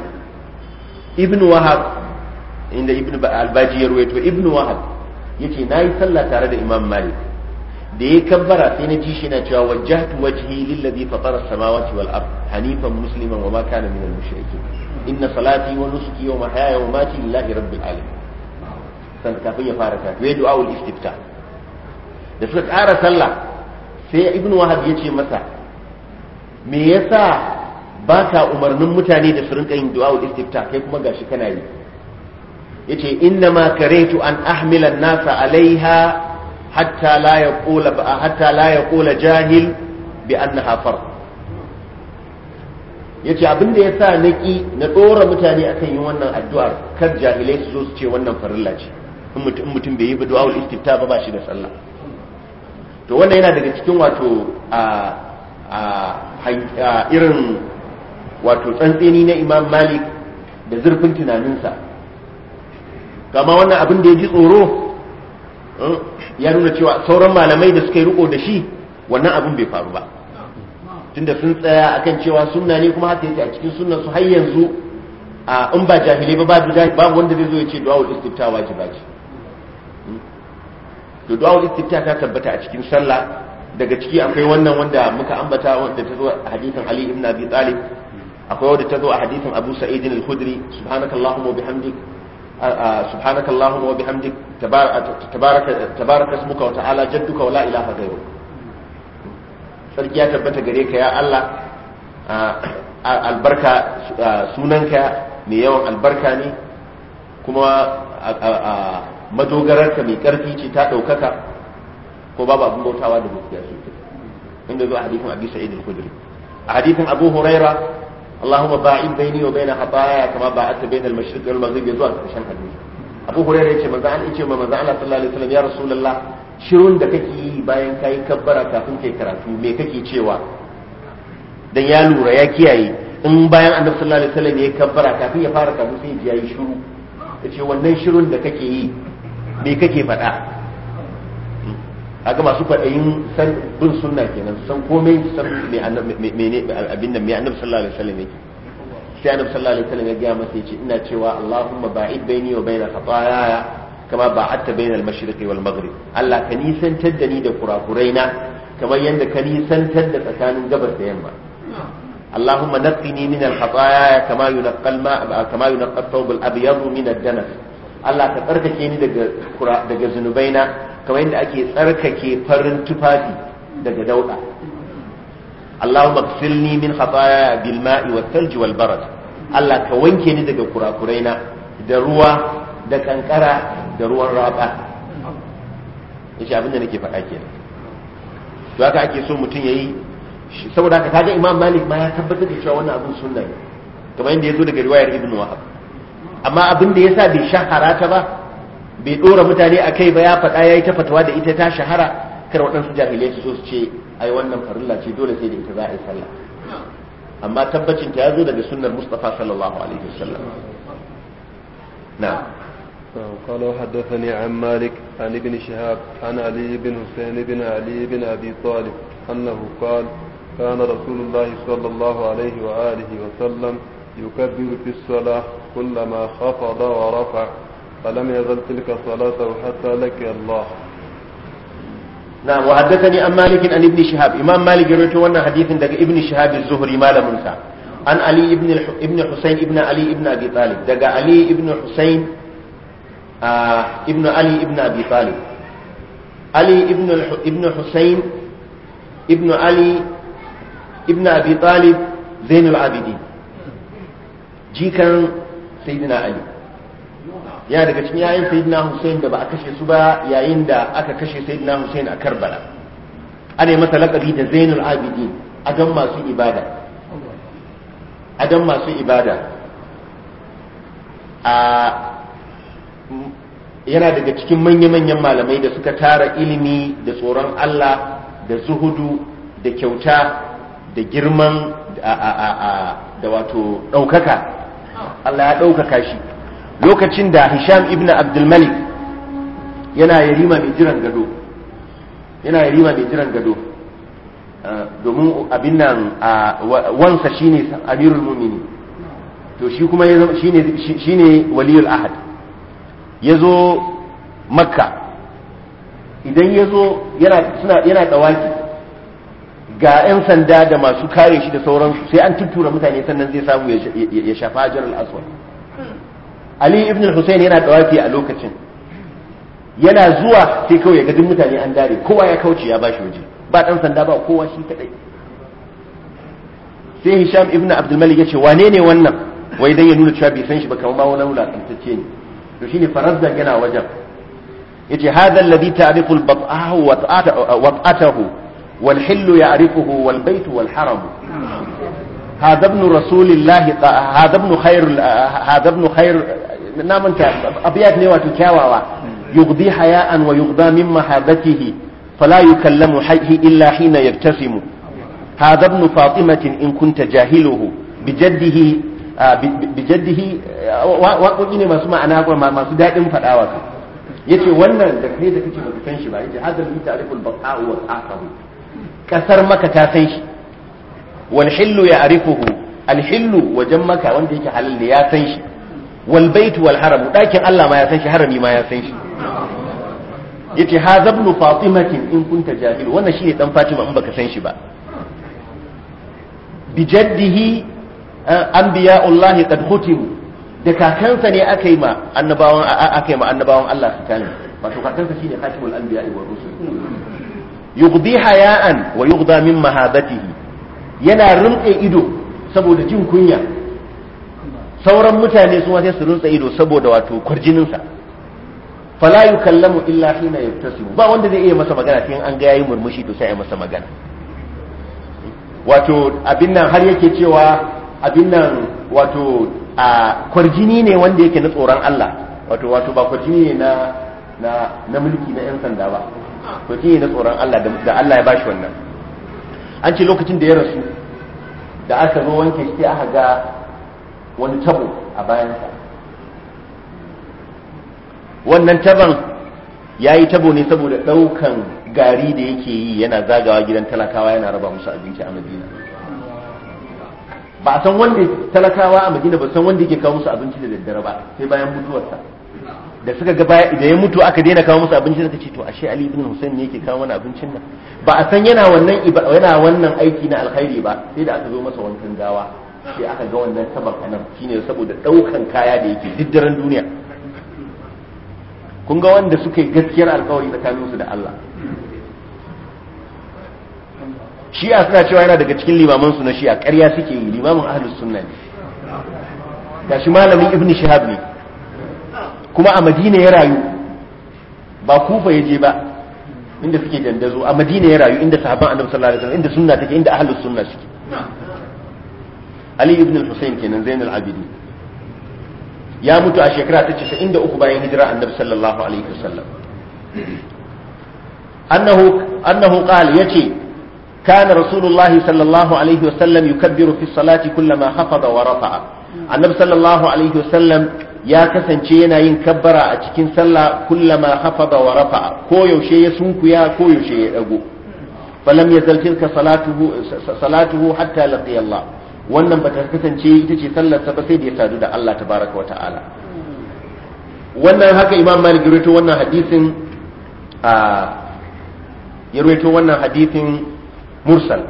Ibn wahab inda ibnu albaji ya ruwaito ibnu wahab yace nayi sallah tare da imam malik da ya kabbara sai na ji shi na cewa wajjahtu wajhi lillazi fatara samawati wal ard hanifan musliman wa ma kana min al mushrikin inna salati wa nusuki wa mahaya wa mati lillahi rabbil alamin san kafin ya fara tafi ya du'a ul istifta da suka ƙara sallah sai ibnu wahab ya ce masa me yasa ba ka umarnin mutane da su rinka yin du'a ul istifta kai kuma gashi kana yi yace inna ma karaitu an ahmila an-nasa alaiha hatta لا يقول حتى لا يقول jahil بانها فرض yace abin da yasa naki na dora mutane akan yin wannan addu'ar kar jahilai su zo su ce wannan farilla ce in mutum bai yi ba du'a istifta ba ba shi da sallah to wannan yana daga cikin wato a a irin wato tsantseni na Imam Malik da zurfin tunaninsa kama wannan abin da ya ji tsoro ya nuna cewa sauran malamai da suka yi riko da shi wannan abin bai faru ba tunda sun tsaya akan cewa sunna ne kuma haka yake a cikin sunnan su har yanzu a in ba jahilai ba babu babu wanda zai zo ya ce wa istifta wajiba ce to du'a'ul istifta ta tabbata a cikin sallah daga ciki akwai wannan wanda muka ambata wanda ta zo a hadisin Ali ibn Abi Talib akwai wanda ta zo a hadisin Abu Sa'id al-Khudri subhanakallahumma wa bihamdika سبحانك اللهم وبحمدك تبارك تبارك اسمك وتعالى جدك ولا اله غيرك sarki ya tabbata gare ka ya Allah albarka sunanka mai yawan albarka ne kuma madogararka mai karfi ce ta ɗaukaka ko babu abin bautawa da gaskiya su inda zo a hadithin abi sa'id al-khudri a hadithin abu huraira اللهم باعد بيني وبين خطاياي كما باعدت بين المشرق والمغرب يزوى كرشن حديث abu hurairu ya ce manzo an ce ma manzo Allah sallallahu alaihi wasallam ya rasulullah shirun da kake yi bayan kai kabbara kafin kai karatu me kake cewa dan ya lura ya kiyaye in bayan annabi sallallahu alaihi wasallam ya kabbara kafin ya fara karatu sai ya yi shiru yace wannan shirun da kake yi me kake faɗa kaga masu kwaɗayin san bin sunna kenan san komai san me abin nan me annabi sallallahu alaihi wasallam yake sai annabi sallallahu alaihi wasallam ya ga masa yace ina cewa Allahumma ba'id baini wa baina khataaya kama ba'adta baina al-mashriqi wal maghrib Allah ka nisantar da ni da kurakuraina kamar yadda ka nisantar da tsakanin gabas da yamma اللهم نقني من الخطايا كما ينقى الماء كما ينقى الثوب الابيض من الدنس الله ka tsarkake ni daga daga zunubaina kamar yadda ake tsarkake farin tufafi daga dauda Allahumma ighfirni min khataaya bil ma'i wat thalji wal barad Allah ka wanke ni daga kurakuraina da ruwa da kankara da ruwan raba yace abinda nake faɗa kenan to haka ake so mutum yayi saboda haka kaga Imam Malik ma ya tabbatar da cewa wannan abin sunna ne kamar yadda yazo daga riwayar Ibn Wahab amma abinda yasa bai shahara ta ba bai dora mutane a kai ba ya faɗa ya yi ta fatawa da ita ta shahara kar waɗansu jahilai su so su ce ai wannan farilla ce dole sai da ita za a yi sallah amma tabbacin ta ya zo daga sunnar mustafa sallallahu alaihi wasallam na'am قالوا حدثني عن مالك عن ابن شهاب عن علي بن حسين بن علي بن أبي طالب أنه قال كان رسول الله صلى الله عليه وآله وسلم يكبر في الصلاة كلما خفض ورفع فلم يزل تلك صلاته حتى لك الله نعم وحدثني عن مالك عن ابن شهاب امام مالك daga ibn shihab az-zuhri malamin an ali ibn ibn husayn ibn ali ibn abi talib daga ali ibn husayn ibn ali ibn abi talib ali ibn ibn husayn ali ibn abi talib zainul abidin jikan sayyidina ali yana daga cikin yayin sayyidina Hussein da ba a kashe su ba yayin da aka kashe sayyidina Hussein a Karbala ana masa laƙabi da Zainul Abidin adan masu ibada a adan masu ibada a yana daga cikin manya-manyan malamai da suka tara ilimi da tsoron Allah da zuhudu da kyauta da girman da wato ɗaukaka Allah ya ɗaukaka shi lokacin da hisham ibn abdulmalik yana yarima mai jiran gado yana yarima mai jiran gado uh, domin abin nan uh, wansa shine amirul mumini to shi kuma shine shine waliyul ahad yazo makka idan yazo yana suna yana dawaki ga 'yan sanda da masu kare shi da sauransu sai an tuttura mutane sannan zai samu ya shafa ajiyar aswad ali ibn husayn yana dawafi a lokacin yana zuwa sai kawai ya gadin mutane an dare kowa ya kauce ya bashi waje ba dan sanda ba kowa shi kadai sai hisham ibn abdul malik yace wane ne wannan wai dan ya nuna cewa bai san shi ba kamar ma wani wulakantacce ne to shine farazza yana wajen yace hadha alladhi ta'rifu al-bat'ahu wa ta'atahu wal hillu ya'rifuhu wal bayt wal haram هذا ابن رسول الله هذا ابن خير هذا ابن خير na manta abiyat ne wato kyawawa yugdi haya'an wa yugda min mahabatihi fala yukallamu hayhi illa hina yaktasimu hadha ibn fatimatin in kunta jahiluhu bijaddihi bijaddihi waƙoƙi ne masu ma'ana kuma masu daɗin faɗawa ka yace wannan da kai da kake baka san shi ba yace hadal bi ta'riful baqa'u wa aqabu kasar maka ta san shi wal hillu ya'rifuhu al hillu wajen maka wanda yake halal ya san shi wal bait wal haram dakin Allah ma ya san shi harami ma ya san shi yace hadha ibn fatimatin in kunta jahil wannan shine dan fatima in baka san shi ba bi jaddihi eh, anbiya'ullahi qad khutimu da kakansa ne aka yi ma annabawan aka yi ma annabawan Allah fitani wato kakansa shine khatibul anbiya'i wa haya'an wa yughda min mahabatihi yana rinƙe ido saboda jin kunya sauran mutane su sai su rutsa ido saboda wato kwarjininsa fala yukallamu illa hina yaktasibu ba wanda zai iya masa magana sai an ga yayi murmushi to sai ya masa magana wato abin nan har yake cewa abin nan wato a kwarjini ne wanda yake na tsoron Allah wato wato ba kwarjini ne na na na mulki na yan sanda ba kwarjini na tsoron Allah da Allah ya bashi wannan an ce lokacin da ya rasu da aka zo wanke shi aka ga wani tabo a bayansa wannan taban ya yi tabo ne saboda ɗaukan gari da yake yi yana zagawa gidan talakawa yana raba musu abinci a madina ba a san wanda talakawa a madina ba san wanda yake kawo musu abinci da daddare ba sai bayan mutuwarsa da suka ga baya da ya mutu aka daina kawo musu abinci suka ce to ashe Ali ibn Hussein ne yake kawo mana abincin nan ba a san yana wannan yana wannan aiki na alkhairi ba sai da aka zo masa wankan gawa sai aka ga wannan saban a nan shine saboda ɗaukan kaya da yake diddaran duniya kun ga wanda suka yi gaskiyar alkawari tsakaninsu da Allah shi'a suna cewa yana daga cikin limamansu na shi'a ƙarya suke yi limamin ahlus sunna ne gashi malamin ibn shihab ne kuma a madina ya rayu ba kufa ya je ba inda suke dandazo a madina ya rayu inda sahaban annabi sallallahu alaihi wasallam inda sunna take inda ahlus sunna suke ali ibn al-husayn kenan zainul abidin ya mutu a shekara ta 93 bayan hijira annabi sallallahu alaihi wasallam annahu annahu qal yace كان رسول الله صلى الله عليه وسلم يكبر في الصلاة كلما خفض ورفع النبي صلى الله عليه وسلم ya kasance yana yin kabbara a cikin sallah kullama hafaza wa rafa'a ko yaushe ya sunkuya ko yaushe ya dago falam yazal tilka salatuhu hatta laqiya wannan ba ta kasance ita ce sallarsa ba sai da ya sadu da Allah tabaraka wa ta'ala wannan haka imam malik ya wannan hadisin a ya wannan hadisin mursal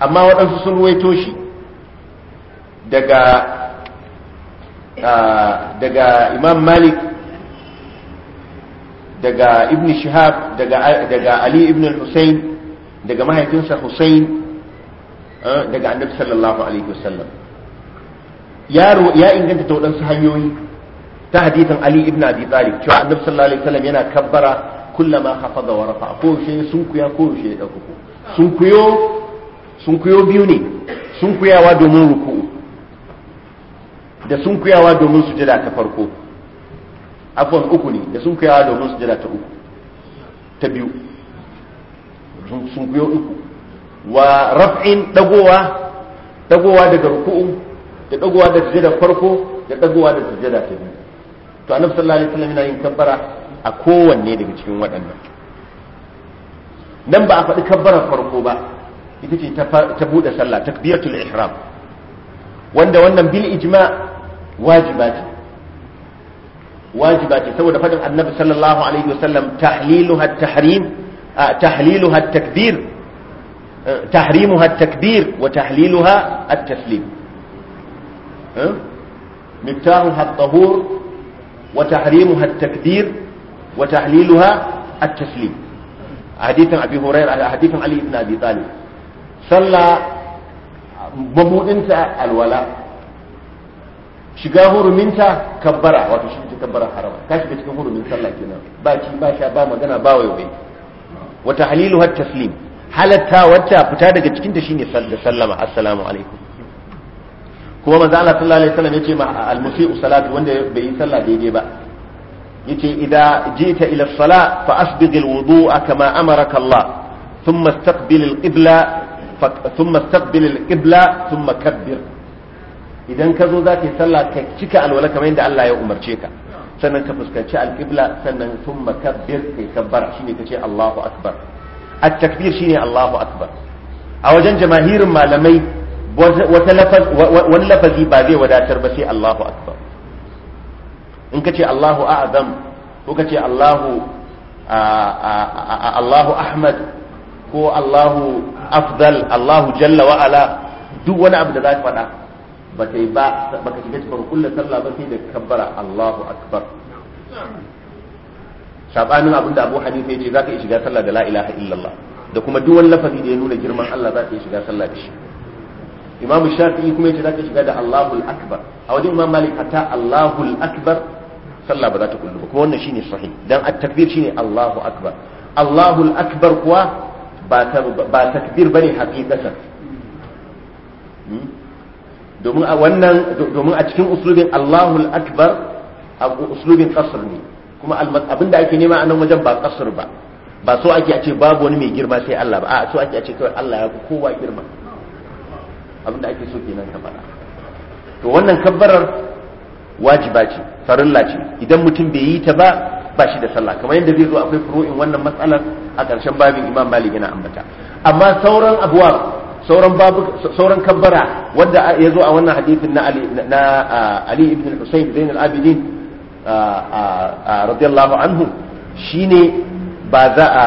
amma waɗansu sun ruwaito shi daga daga imam malik daga ibn shihab daga ali ibn al daga mahaifinsa husayn Eh, daga annabi sallallahu alaihi wasallam yaro ya inganta ta waɗansu hanyoyi ta hadithin ali ibn abi talib cewa annabi sallallahu alaihi wasallam yana kabbara kullama hafaza wa rafa ko shi sun kuya ko shi ya dauko sun kuyo sun kuyo biyu ne sun kuyawa domin ruku da sun kuyawa domin sujada ta farko afwan uku ne da sun kuyawa domin sujada ta uku ta biyu sun kuyo uku wa raf'in dagowa dagowa daga ruku'u da dagowa da sujada farko da dagowa da sujada ta biyu to annabi sallallahu alaihi wasallam yana yin kabbara a kowanne daga cikin waɗannan nan ba a faɗi kabbarar farko ba ita ce ta buɗe sallah takbiratul ihram wanda wannan bil ijma wajiba ce wajiba ce saboda faɗin annabi sallallahu alaihi wasallam tahliluha tahrim tahliluha takbir تحريمها التكبير وتحليلها التسليم مفتاحها الطهور وتحريمها التكبير وتحليلها التسليم حديث ابي هريره على حديث علي بن ابي طالب صلى مبودنت الولاء شقاه رمينتا كبرا وتشبت كبرا حرام كاشبت كبرا من صلى كنا باش باشا با مغنى باوي وتحليلها التسليم halatta wata fita daga cikin ta shine sallama assalamu alaikum kuma manzo Allah sallallahu alaihi wasallam yace ma al-musii'u salatu wanda bai yi sallah daidai ba yace idza jita ila as-salah fa asbigh al-wudu'a kama amaraka Allah thumma istaqbil al-qibla thumma istaqbil al-qibla thumma kabbir idan ka zo zaka yi sallah ka cika alwala kamar yadda Allah ya umarce ka sannan ka fuskanci al-qibla sannan thumma kabbir kai kabbara shine kace Allahu akbar a takbir shine Allahu akbar a wajen jamahirin malamai wani lafazi ba zai wadatar ba sai Allahu akbar in ka ce Allahu a'zam ko ka ce Allahu Allahu Ahmad ko Allahu Afzal Allahu jalla wa duk wani abu da za ka faɗa ba kai ba baka shiga cikin kullu sallah ba sai da kabbara Allahu akbar sabanin abin da Abu Hanifa yace zaka iya shiga sallah da la ilaha illallah da kuma duk wani lafazi da ya nuna girman Allah zaka iya shiga sallah da shi Imam Shafi'i kuma yace zaka shiga da Allahul Akbar a wajen Imam Malik hatta Allahul Akbar sallah ba za ta kullu ba kuma wannan shine sahih dan at-takbir shine Allahu Akbar Allahul Akbar kuwa ba ba takbir bane haqiqatan hmm? domin a wannan domin a cikin uslubin Allahul Akbar a uslubin qasr ne kuma abin da ake nema a nan wajen ba kasar ba ba so ake a ce babu wani mai girma sai Allah ba a so ake a ce kawai Allah ya fi kowa girma abin da ake so kenan ta faɗa to wannan kabbarar wajiba ce farilla ce idan mutum bai yi ta ba ba shi da sallah kamar yadda zai zo akwai furu'in wannan matsalar a ƙarshen babin imam malik yana ambata amma sauran abuwa sauran babu sauran kabbara wanda ya zo a wannan hadisin na ali na ali ibn husayn bin al-abidin a radiyallahu anhu shine ba za a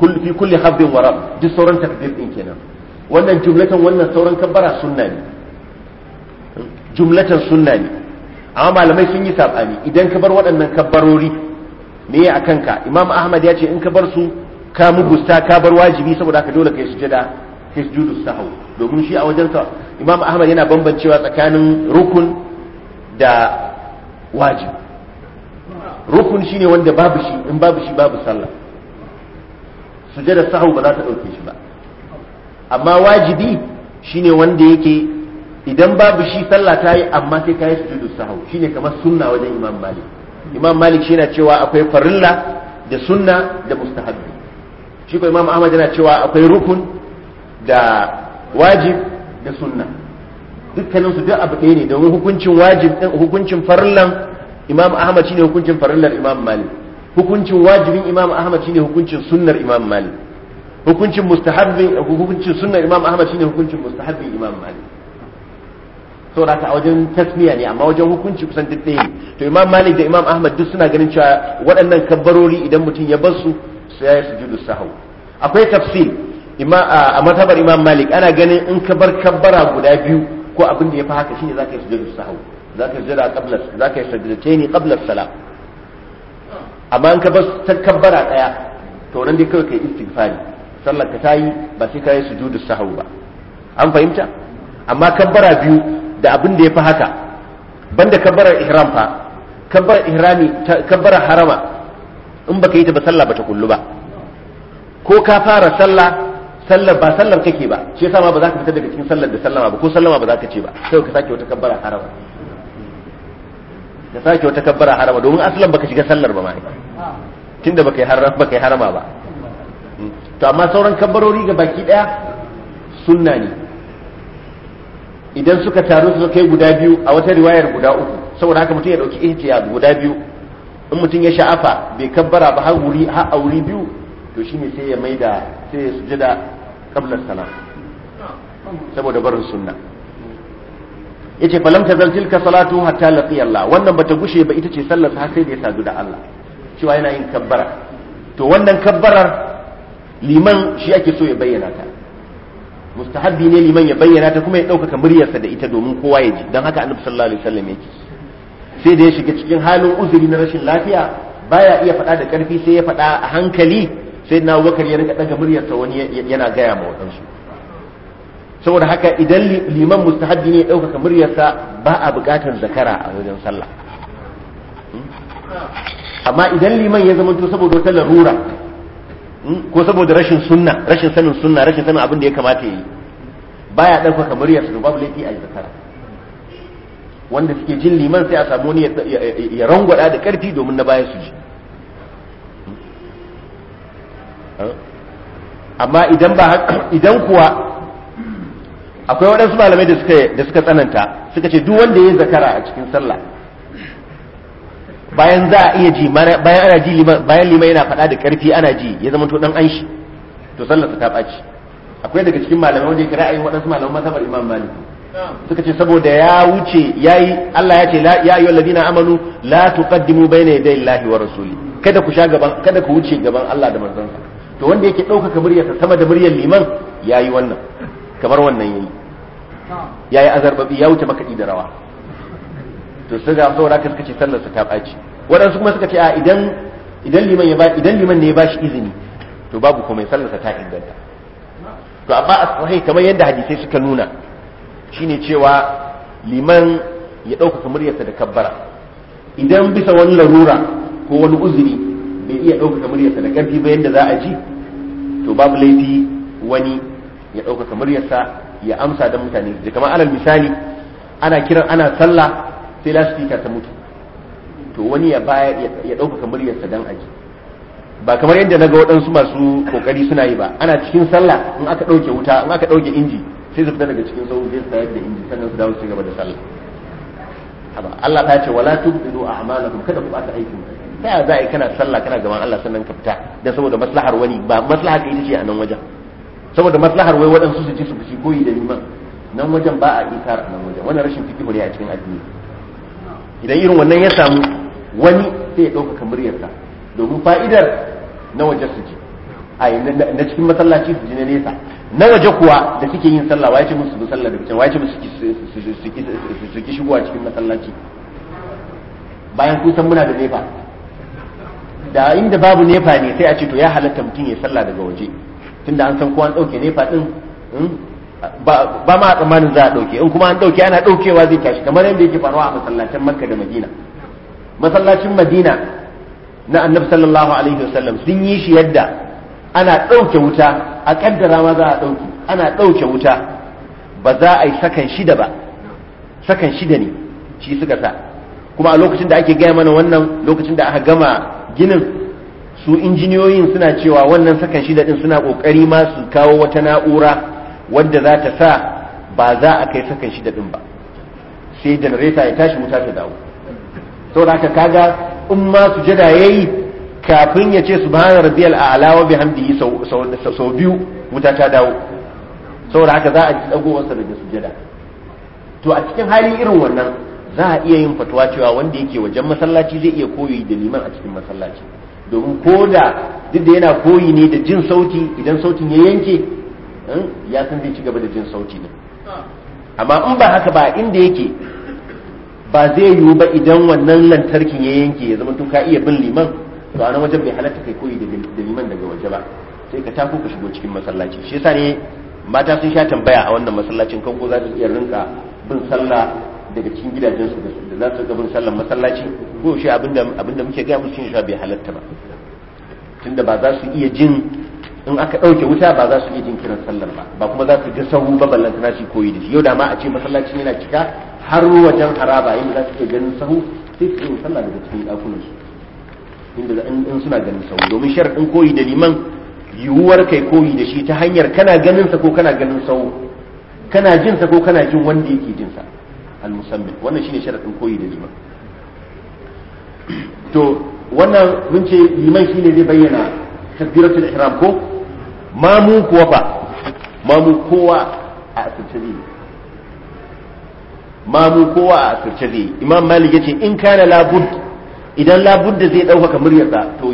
fi kulli habbin wara duk sauran takbir din kenan wannan jumlatan wannan sauran kabbara sunna ne jumlatan sunna ne amma malamai sun yi sabani idan ka bar waɗannan kabbarori me ya akan ka imam ahmad ya ce in ka bar su ka mugusta ka bar wajibi saboda ka dole kai sujada kai sujudu sahu domin shi a wajensa imam ahmad yana bambancewa tsakanin rukun da wajibi rukun shine wanda babu shi in babu shi babu sallah sujada sahu ba za ta dauke shi ba amma wajibi shine wanda yake idan babu shi sallah ta yi amma sai ka yi sujudu sahu shine kamar sunna wajen imam malik imam malik shi yana cewa akwai farilla da sunna da mustahabbi shi ko imam ahmad yana cewa akwai rukun da wajib da sunna dukkanin su duk abu ɗaya ne domin hukuncin wajib hukuncin farillan imam ahmad shine hukuncin farillar imam malik hukuncin wajibin imam ahmad shine hukuncin sunnar imam malik hukuncin mustahabbin hukuncin sunnar imam ahmad shine hukuncin mustahabbin imam malik saboda da ta wajen tasmiya ne amma wajen hukunci kusan duk ɗaya to imam malik da imam ahmad duk suna ganin cewa waɗannan kabbarori idan mutum ya bar su sai ya sujudu sahau akwai tafsir a matabar imam malik ana ganin in ka bar kabbara guda biyu ko abin da ya fi haka shine zaka yi sujudu sahau za ka jira qabla za ka yi sajdataini qabla salam amma an ka bar takabbara daya to nan dai kawai kai istighfari sallar ka tayi ba sai ka yi sujudu sahwi ba an fahimta amma kabbara biyu da abin da ya fi haka banda kabbarar ihram fa kabbarar ihrami kabbarar harama in baka yi ta ba sallah ba ta kullu ba ko ka fara sallah sallar ba sallar kake ba shi yasa ma ba za ka fita daga cikin sallar da sallama ba ko sallama ba za ka ce ba sai ka sake wata kabbara harama ka sake wata kabbara harama domin aslan baka shiga sallar ba mai tunda baka yi harama baka yi harama ba hmm. to amma sauran kabbarori ga baki daya sunna ne idan suka taru suka kai guda biyu a wata riwayar guda uku saboda haka mutum ya dauki ihtiya guda biyu in mutum ya sha'afa bai kabbara ba har wuri har a wuri biyu to shine sai ya maida sai ya sujada qabla sana saboda barin sunna yace falam tazal tilka salatu hatta laqiya Allah wannan bata gushe ba ita ce sallar har sai da ya sadu da Allah cewa yana yin kabbara to wannan kabbarar liman shi ake so ya bayyana ta mustahabbi ne liman ya bayyana ta kuma ya ɗaukaka muryarsa da ita domin kowa ya ji don haka annabi sallallahu alaihi wasallam yake sai da ya shiga cikin halin uzuri na rashin lafiya baya iya faɗa da ƙarfi sai ya faɗa a hankali sai na wakar ya rika ɗaga muryarsa wani yana gaya ma waɗansu saboda haka idan liman mustahabbi ne ɗaukaka muryarsa ba a buƙatar zakara a wajen sallah hmm? amma idan liman ya to saboda wata larura hmm, ko saboda rashin sunna rashin sanin sunna rashin sanin abin da ya kamata yi baya ɗaukaka muryarsa da babu laifi a yi zakara wanda suke jin liman sai a samu wani ya rangwada da ƙarfi domin na baya su ji hmm? amma idan ba idan kuwa akwai waɗansu malamai da suka da suka tsananta suka ce duk wanda ya zakara a cikin sallah bayan za a iya ji bayan ana ji bayan liman yana faɗa da ƙarfi ana ji ya zama to dan an shi to sallar ta ɓaci akwai daga cikin malamai wanda ya ra'ayin waɗansu malamai masabar imam maliki suka ce saboda ya wuce yayi Allah ya ce ya ayyuhal ladina amanu la tuqaddimu bayna yaday Allahi wa rasuli kada ku sha gaban kada ku wuce gaban Allah da manzon to wanda yake ɗaukaka muryarsa sama da muryar liman yayi wannan kamar wannan yayi yayi azarbabi ya wuce makaɗi da rawa to sai ga saboda haka suka ce sallar sa ta waɗansu kuma suka ce a idan idan liman ya ba idan ne ya izini to babu komai sallar sa ta inganta to amma a sahih kamar yadda hadisai suka nuna shine cewa liman ya ɗaukaka muryarsa da kabbara idan bisa wani larura ko wani uzuri bai iya ɗaukaka muryarsa da ƙarfi ba yadda za a ji to babu laifi wani ya ɗauka kamar yasa ya amsa don mutane da kamar alal misali ana kiran ana sallah sai lasfika ta mutu to wani ya baya ya ɗauka kamar yasa dan aji ba kamar yadda na ga waɗansu masu kokari suna yi ba ana cikin sallah in aka ɗauke wuta in aka ɗauke inji sai su fita daga cikin sauri sai su tayar da inji sannan su dawo su gaba da sallah Allah ta ce wala tubdu a'malakum kada ku ɓata aikin ta ya za a yi kana sallah kana gaban Allah sannan ka fita dan saboda maslahar wani ba maslahar kai ita a nan wajen saboda maslahar wai waɗansu su ji su fi koyi da liman nan wajen ba a ikar nan wajen wannan rashin fikihu ne a cikin addini idan irin wannan ya samu wani sai ya ɗaukaka muryarsa domin fa'idar na waje su ji a na cikin masallaci su ji na nesa na waje kuwa da suke yin sallah wa yace musu su sallah da can wa yace musu su su ki a cikin masallaci bayan kun san muna da nefa da inda babu nefa ne sai a ce to ya halatta mutum ya sallah daga waje da an san ko an dauke ne fadin hmm? ba ma tsammanin za a dauke in kuma an ɗauke ana ɗaukewa zai tashi kamar yadda yake faruwa a masallacin makka da madina masallacin madina na annabi sallallahu alaihi wasallam sun yi shi yadda ana dauke wuta a kaddara ma za a dauke ana dauke wuta ba za a yi sakan shida ba sakan shida ne shi suka sa kuma a lokacin da ake gaya mana wannan lokacin da aka gama ginin su injiniyoyin suna cewa wannan sakan shida din suna kokari ma su kawo wata na'ura wadda za ta sa ba za a kai sakan shida din ba sai janareta ya tashi wuta ta dawo saboda haka kaga in ma su jada yayi kafin ya ce subhana rabbiyal a'la wa bihamdihi sau biyu wuta ta dawo saboda haka za a ji dagowar sa daga sujada to a cikin hali irin wannan za a iya yin fatuwa cewa wanda yake wajen masallaci zai iya koyi da liman a cikin masallaci domin ko da duk da yana koyi ne da jin sauti idan sautin ya yanke hmm, ya san zai ci gaba da jin sauti ne amma in ba haka ba inda yake ba zai yiwu ba idan wannan lantarkin ya yanke ya zama to ka iya bin liman to a nan wajen bai halatta kai koyi da liman daga waje ba sai ka tafi ka shigo cikin masallaci shi yasa ne mata sun sha tambaya a wannan masallacin kan ko za ta iya rinka bin sallah daga cikin gidajensu da za su ga bin sallan masallaci ko yaushe abinda abinda muke ga musu shi bai halatta ba tunda ba za su iya jin in aka ɗauke wuta ba za su iya jin kiran sallar ba ba kuma za su ga sahu ba ballan tana shi koyi da shi yau da ma a ce masallacin yana cika har wajen haraba yin za su iya ganin sahu sai su yi sallah daga cikin dakunan su inda in suna ganin sahu domin sharadin koyi da liman yiwuwar kai koyi da shi ta hanyar kana ganin sa ko kana ganin sahu kana jin sa ko kana jin wanda yake jin sa al-musammin wannan shine sharadin koyi da liman to wannan mun ce liman shine zai bayyana takbiratul ihram ko mamu kuwa ba mamu kowa a asirce zai mamu kowa a asirce ne imam malik yace in kana labud idan labud da zai dauka muryarsa to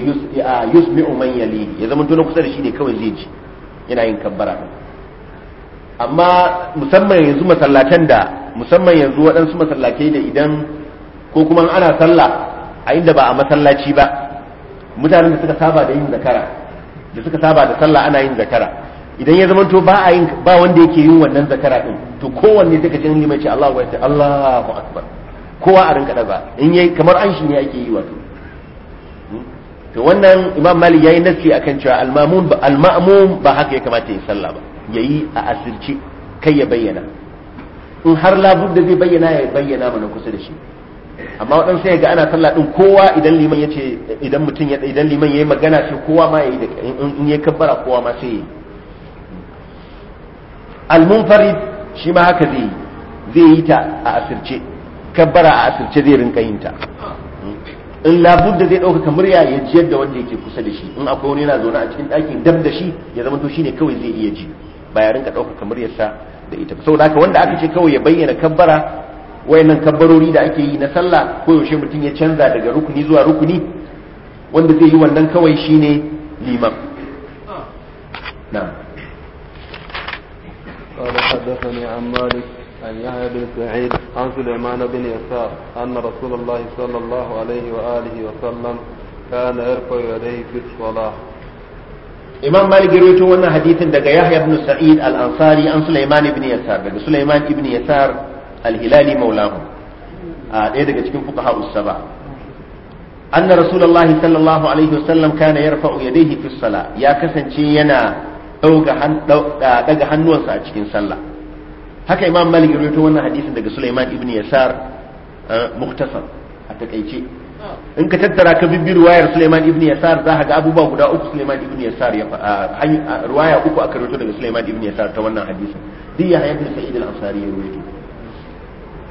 yusmi'u man yalihi ya zama dole kusa da shi ne kawai zai ji yana yin kabbara amma musamman yanzu masallatan da musamman yanzu waɗansu masallatai da idan ko kuma ana sallah a inda ba a masallaci ba mutanen da suka saba da yin zakara da suka saba da sallah ana yin zakara idan ya zamanto ba a yin ba wanda yake yin wannan zakara din to kowanne daga cikin limai ce Allahu akbar Allahu akbar kowa a rinka daga in yayi kamar an shi ne ake yi wato hmm? to wannan Imam Malik yayi nasi akan cewa al-mamun al-ma'mum ba haka ya kamata ya sallah ba yayi a asirci kai ya bayyana in har labur da zai bayyana ya bayyana mana kusa da shi amma waɗansu ya ga ana sallah ɗin kowa idan liman ya ce idan mutum ya idan liman ya yi magana sai kowa ma ya yi da in ya kabbara kowa ma sai ya yi almunfarid shi ma haka zai yi zai yi ta a asirce kabbara a asirce zai rinka yin ta in labur da zai ɗaukaka murya ya jiyar da wanda yake kusa da shi in akwai wani yana zaune a cikin ɗakin dab da shi ya zama to shine kawai zai iya ji ba ya rinka kamar yasa da ita ba saboda haka wanda aka ce kawai ya bayyana kabbara wayannan kabbarori da ake yi na sallah ko yaushe mutum ya canza daga rukuni zuwa rukuni wanda zai yi wannan kawai shine liman na'am قال حدثني عن مالك عن يحيى بن سعيد عن سليمان بن يسار أن رسول الله صلى الله عليه وآله وسلم كان يرفع يديه في الصلاة imam malik rawaito wannan hadithin daga yahya ibn sa'id al-ansari an sulaiman ibn yasar daga sulaiman ibn yasar al-hilali maulahu a ɗaya daga cikin fuqaha usaba anna rasulullahi sallallahu alaihi wasallam kana yarfa'u yadayhi fi salah ya kasance yana daga hannuwansa a cikin sallah haka imam malik rawaito wannan hadisin daga sulaiman ibn yasar eh, muktasar a takeice in ka tattara ka bibbi ruwayar Suleiman ibn Yasar za ka ga abubuwa guda uku Suleiman ibn Yasar ya ruwaya uku aka rawaito daga Suleiman ibn Yasar ta wannan hadisi duk ya hayar da Sa'id al-Ansari ya rawaito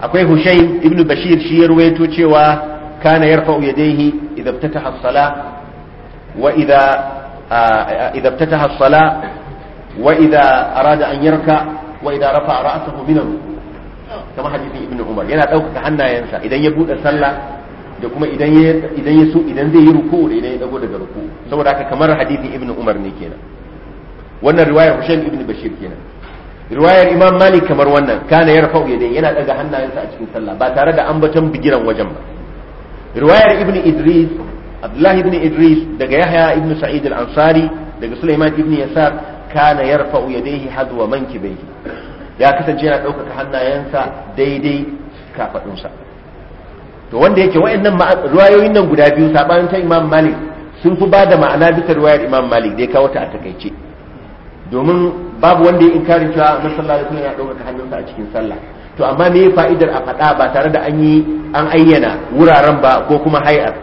akwai hushai ibn Bashir shi ya rawaito cewa kana yarfa'u yadayhi idza iftataha as-salah wa idza idza iftataha as-salah wa idza arada an yarka wa idza rafa'a ra'sahu min al-ruku' kama hadisi ibn Umar yana ɗaukaka hannayensa idan ya buɗe sallah da kuma idan ya idan so idan zai yi ruku da idan ya dago daga ruku saboda haka kamar hadisin ibnu umar ne kenan wannan riwayar Hushaym ibn Bashir kenan riwayar Imam Malik kamar wannan kana yarfa'u yadayhi yana daga hannayensa a cikin sallah ba tare da ambaton bigiran wajen ba riwayar Ibn Idris Abdullah ibn Idris daga Yahya ibn Sa'id al-Ansari daga Sulaiman ibn Yasar kana yarfa'u yadaihi hadwa mankibaihi ya kasance yana ɗaukaka hannayensa daidai kafadunsa to wanda yake wa'annan ruwayoyin nan guda biyu sabanin ta imam malik sun fi ba da ma'ana bisa ruwayar imam malik da ya kawo ta a takaice domin babu wanda ya inkari cewa annabi sallallahu alaihi wasallam ya dauka hannunsa a cikin sallah to amma me fa'idar a faɗa ba tare da an yi an ayyana wuraren ba ko kuma hay'ar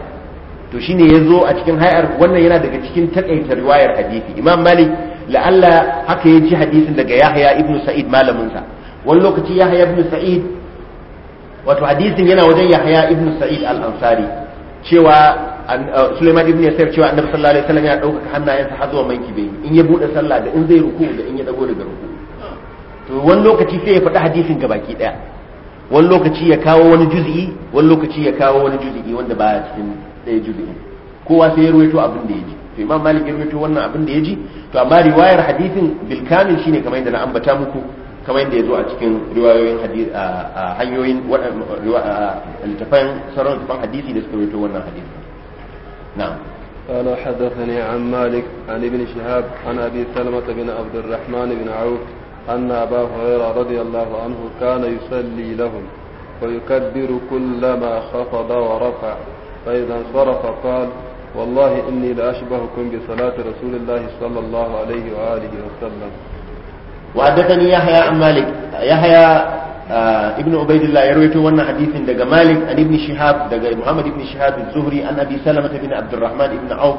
to shine ya zo a cikin hay'ar wannan yana daga cikin takaita riwayar hadisi imam malik la'alla haka ya ji hadisin daga yahya ibnu sa'id malamin sa wani lokaci yahya ibnu sa'id wato hadisin yana wajen Yahya ibn Sa'id al-Ansari cewa uh, Sulaiman ibn Yasir cewa Annabi sallallahu alaihi wasallam ya dauka hannayensa har zuwa mankibe in ya bude sallah da in zai ruku da in ya dago daga ruku to wani lokaci sai ya faɗi hadisin gabaki daya wani lokaci ya kawo wani juz'i wani lokaci ya kawo wani juz'i wanda baya cikin ɗaya juz'i kowa sai ya ruwaito abin da ya ji to Imam Malik ya ruwaito wannan abin da ya ji to amma riwayar hadisin bil kamil shine kamar yadda na ambata muku kamar yadda ya zo a cikin riwayoyin hanyoyin littafan sauran littafan hadisi da suka rito wannan hadisi na'am قال حدثني عن مالك عن ابن شهاب عن ابي سلمه بن عبد الرحمن بن عوف ان ابا هريره رضي الله عنه كان يصلي لهم ويكبر كلما خفض ورفع فاذا انصرف قال والله اني لاشبهكم بصلاه رسول الله صلى الله عليه واله وسلم وعدتني يحيى عن مالك يحيى ابن عبيد الله يروي تو wannan hadithin daga Malik an ibn Shihab daga Muhammad ibn Shihab az an Abi Salama ibn Abdurrahman ibn Awf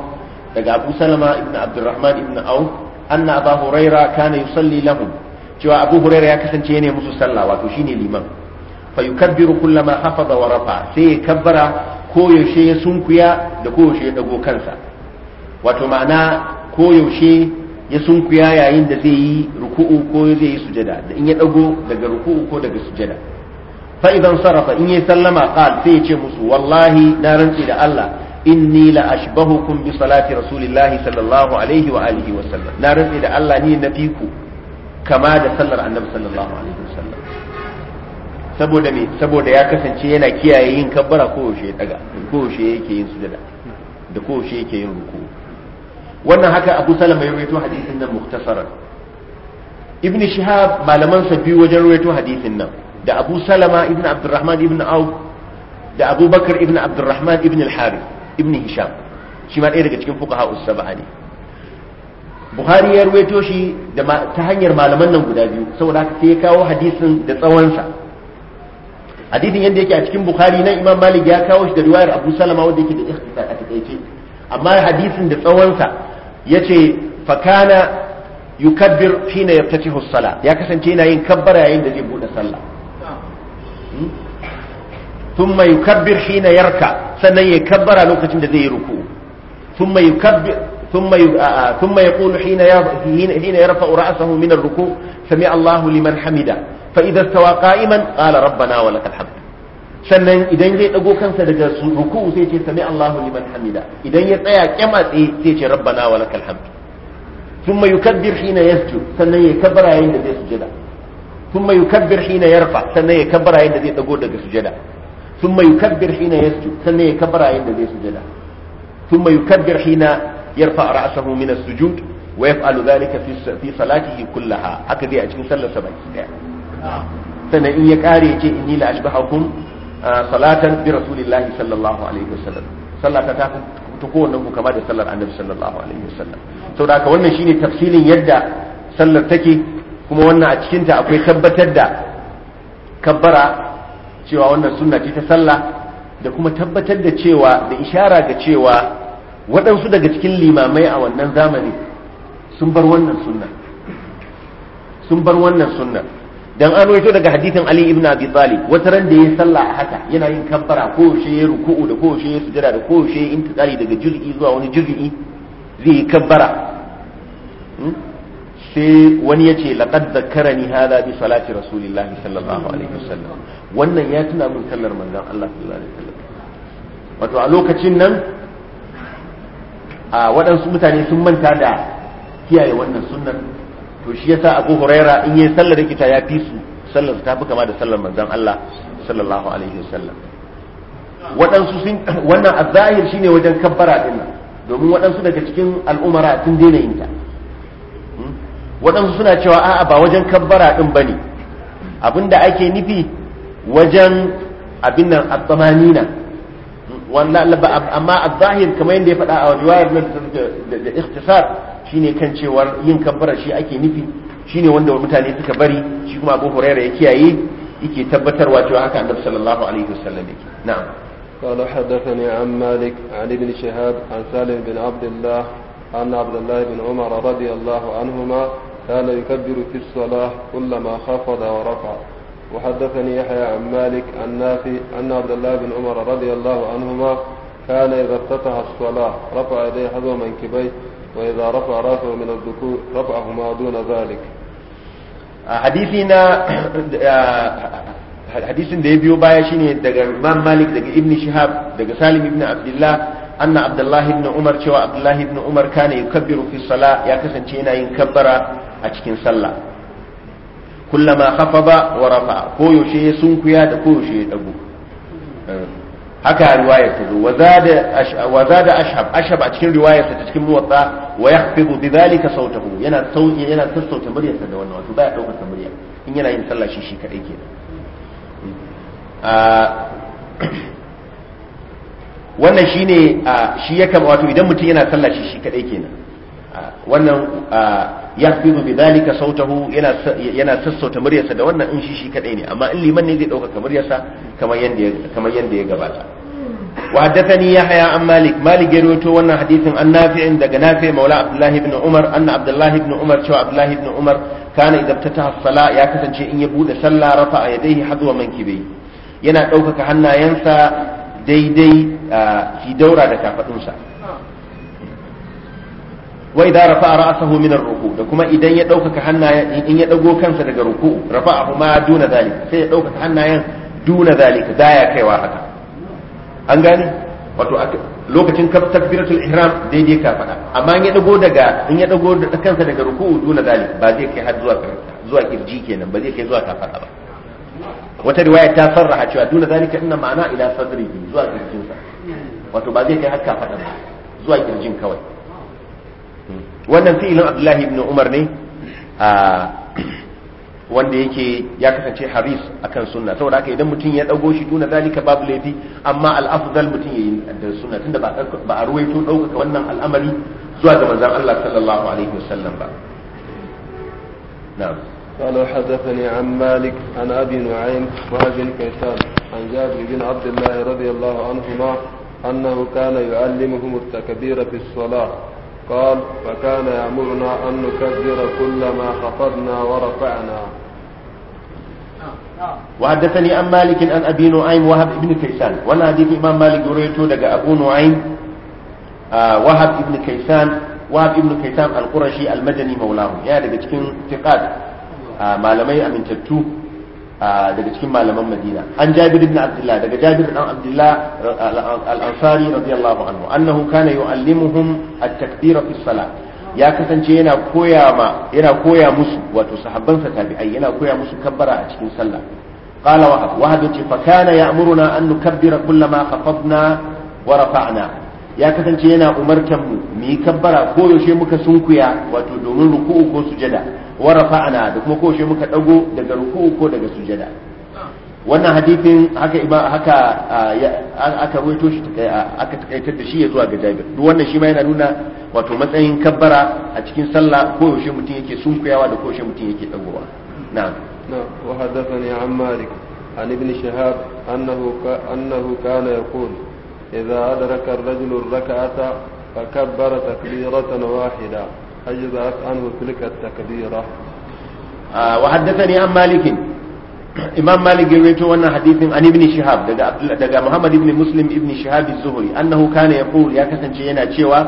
daga Abu Salama ibn Abdurrahman ibn Awf anna Abu Hurairah kana yusalli cewa Abu Hurairah ya kasance yana musu sallah wato shine liman fa yukabbiru kullama hafaza sai ya fi kabbara ko yaushe sunkuya da ko yaushe dago kansa wato ma'ana ko yaushe ya sunkuya yayin da zai yi ruku'u ko zai yi sujada da in ya dago daga ruku'u ko daga sujada fa idan sarafa in yayi sallama qal sai ya ce musu wallahi na rantsi da Allah inni la ashbahukum bi salati rasulillahi sallallahu alaihi wa alihi wa sallam na rantsi da Allah ni na fiku kama da sallar annabi sallallahu alaihi wa sallam saboda me saboda ya kasance yana kiyaye yin kabbara ko yaushe ya daga ko yaushe yake yin sujada da ko yaushe yake yin ruku'u wannan haka abu salama ya rawaito hadisin nan muktasaran ibn shihab malaman sa biyu wajen rawaito hadisin nan da abu salama ibn abdurrahman ibn A'u da abubakar ibn abdurrahman ibn al-harith ibn hisham shi ma ɗaya daga cikin fuqaha us-sab'a ne buhari ya rawaito shi ta hanyar malaman nan guda biyu saboda haka sai ya kawo hadisin da tsawonsa hadisin yadda yake a cikin bukhari nan imam malik ya kawo shi da riwayar abu salama wanda yake da ikhtisar a takaice amma hadisin da tsawonsa yace fa kana yukabbir hina yaftatihu as-sala ya kasance yana yin kabbara yayin da zai bude sallah thumma yukabbir hina yarka sannan ya kabbara lokacin da zai yi ruku thumma yukabbir ثم ثم yarfa حين حين يرفع رأسه من الركوع سمع الله لمن حمده فإذا استوى قائما قال ربنا ولك الحمد sannan idan zai dago kansa daga ruku sai ce sami Allahu liman hamida idan ya tsaya kyama tsaye sai ce rabbana wa lakal hamd thumma yukabbir hina yasjud sannan ya kabbara yayin da zai sujada thumma yukabbir hina yarfa sannan ya kabbara yayin da zai dago daga sujada thumma yukabbir hina yasjud sannan ya kabbara yayin da zai sujada thumma yukabbir hina yarfa ra'sahu min as-sujud wa yaf'alu dhalika fi salatihi kullaha haka dai a cikin sallar sa baki daya sannan in ya kare ya ce inni la ashbahakum salatan bi rasulillahi sallallahu alaihi wasallam sallah ta tafi ta kowanne ku kama da sallar annabi sallallahu alaihi wasallam da ka wannan shine tafsilin yadda sallar take kuma wannan a cikin ta akwai tabbatar da kabbara cewa wannan sunna ce ta sallah da kuma tabbatar da cewa da ishara ga cewa waɗansu daga cikin limamai a wannan zamani sun bar wannan sunna sun bar wannan sunna dan an rawaito daga hadithin Ali ibn Abi Talib wata ran da yayi sallah a haka yana yin kabbara ko shi ya ruku'u da ko shi ya sujada da ko shi ya intisari daga juz'i zuwa wani juz'i zai yi kabbara hmm? sai wani ya ce laqad zakkarani hada bi salati rasulillahi sallallahu alaihi wasallam wannan ya tuna min kallar manzon Allah sallallahu alaihi wasallam wato a lokacin nan a waɗansu mutane sun manta da kiyaye wannan sunnan to shi yasa abu huraira in yi sallar rikita ya fi su sallar ta fi kama da sallar manzon Allah sallallahu alaihi wasallam waɗansu sun wannan azahir shine wajen kabbara din nan domin waɗansu daga cikin al'umara sun daina yin ta hmm? waɗansu suna cewa a'a ba wajen kabbara din bane abinda ake nufi wajen abin nan at-tamanina wannan amma a zahir kamar yadda ya faɗa a riwayar nan da ikhtisar shine kan cewar yin kabbara shi ake nufi shine wanda mutane suka bari shi kuma Abu huraira ya kiyaye yake tabbatarwa cewa haka Annabi sallallahu alaihi wasallam yake na'am قال حدثني عن مالك عن ابن شهاب عن سالم بن عبد الله أن عبد الله بن عمر رضي الله عنهما كان يكبر في الصلاة كلما خفض ورفع وحدثني يحيى عن مالك النافي أن عبد الله بن عمر رضي الله عنهما كان إذا افتتح الصلاة رفع يديه حذو منكبيه وإذا رفع رأسه من الذكور رفعهما دون ذلك حديثنا hadisin da ya biyo baya shine daga Imam Malik daga Ibn Shihab daga Salim ibn Abdullah anna Abdullah ibn Umar cewa Abdullah ibn Umar kana yukabbiru fi salah ya kasance yana yin kabbara a cikin sallah kullama khafada wa rafa ko yaushe ya sunkuya da ko yaushe ya dago haka riwaya ta zo wa zada ashab ashab a cikin riwaya ta cikin muwatta wa yakhfidu bidhalika sautahu yana sauki yana sassauta muryarsa da wannan wato baya daukar murya in yana yin sallah shi shi kadai kenan wannan shine shi ya kama wato idan mutum yana sallah shi shi kadai kenan wannan ya fi bi bidhalika sautahu yana sassauta muryarsa da wannan in shi shi kadai ne amma in liman ne zai dauka kamar yasa kamar yanda ya gabata wa haddathani yahya an malik malik ya rawaito wannan hadithin an nafi'in daga nafi' maula abdullah ibn umar anna abdullah ibn umar cewa abdullah ibn umar kana idan ta sala ya kasance in ya bude sallah rafa'a yadayhi hadwa mankibai yana ɗaukaka hannayensa daidai ah, fi daura da kafadunsa wa idza rafa'a ra'sahu min ar-ruku da kuma idan ya ɗaukaka hannayen in ya dago kansa daga ruku rafa'ahu ma duna zalika sai ya ɗaukaka hannayen duna zalika baya kaiwa haka an gane wato lokacin takbiratul ihram daidai ka faɗa amma in ya dago daga in ya dago kansa daga ruku'u duna zalika ba zai kai har zuwa zuwa kirji kenan ba zai kai zuwa kafaɗa ba wata riwaya ta sarraha cewa duna zalika inna ma'ana ila sadrihi zuwa kirjinsa wato ba zai kai har kafaɗa ba zuwa kirjin kawai wannan fi'ilin abdullahi ibn umar ne wanda yake ya kasance haris akan sunna saboda haka idan mutum ya dago shi duna zalika babu laifi amma al-afdal mutum yayi da sunna tunda ba ba a ruwaito dauka wannan al'amari zuwa ga manzon Allah sallallahu alaihi wasallam ba na'am قال حدثني عن مالك عن ابي نعيم وابن الكيسان عن جابر بن عبد الله رضي الله عنهما انه كان يعلمهم التكبير في الصلاه قال فكان يأمرنا أن نكبر كل ما خطبنا ورفعنا وحدثني عن مالك عن أبي نعيم وهب بن كيسان وانا حديث إمام مالك يريته دقى أبو نعيم آه وهب بن كيسان وهب بن كيسان القرشي المدني مولاه يعني دقى تكين ثقات آه ما لم يأمن تبتوه daga cikin malaman madina an jabir ibn abdullah daga jabir dan abdullah al-ansari radiyallahu anhu annahu kana yu'allimuhum at a fi salat ya kasance yana koya ma yana koya musu wato sahabban sa tabi'ai yana koya musu kabbara a cikin sallah qala wahab wahab ce fa kana ya'muruna an nukabbira kullama khafadna wa rafa'na ya kasance yana umartan mu mu yi kabbara ko yaushe muka sunkuya wato domin ruku'u ko sujada wa rafa'ana da kuma ko yaushe muka dago daga ruku'u ko daga sujada wannan hadithin haka ima haka aka ruwaito shi aka takaitar da shi ya zuwa ga Jabir duk wannan shi ma yana nuna wato matsayin kabbara a cikin sallah ko yaushe mutum yake sunkuyawa da ko yaushe mutum yake dagowa na'am na'am wa hadathani an Malik an ibn shahab annahu annahu kana yaqulu إذا أدرك الرجل الركعة فكبر تكبيرة واحدة أجزأت عنه تلك التكبيرة آه وحدثني عن مالك إمام مالك يرويته أن حديث عن ابن شهاب دقى محمد بن مسلم ابن شهاب الزهري أنه كان يقول يا كسن شينا تشيوا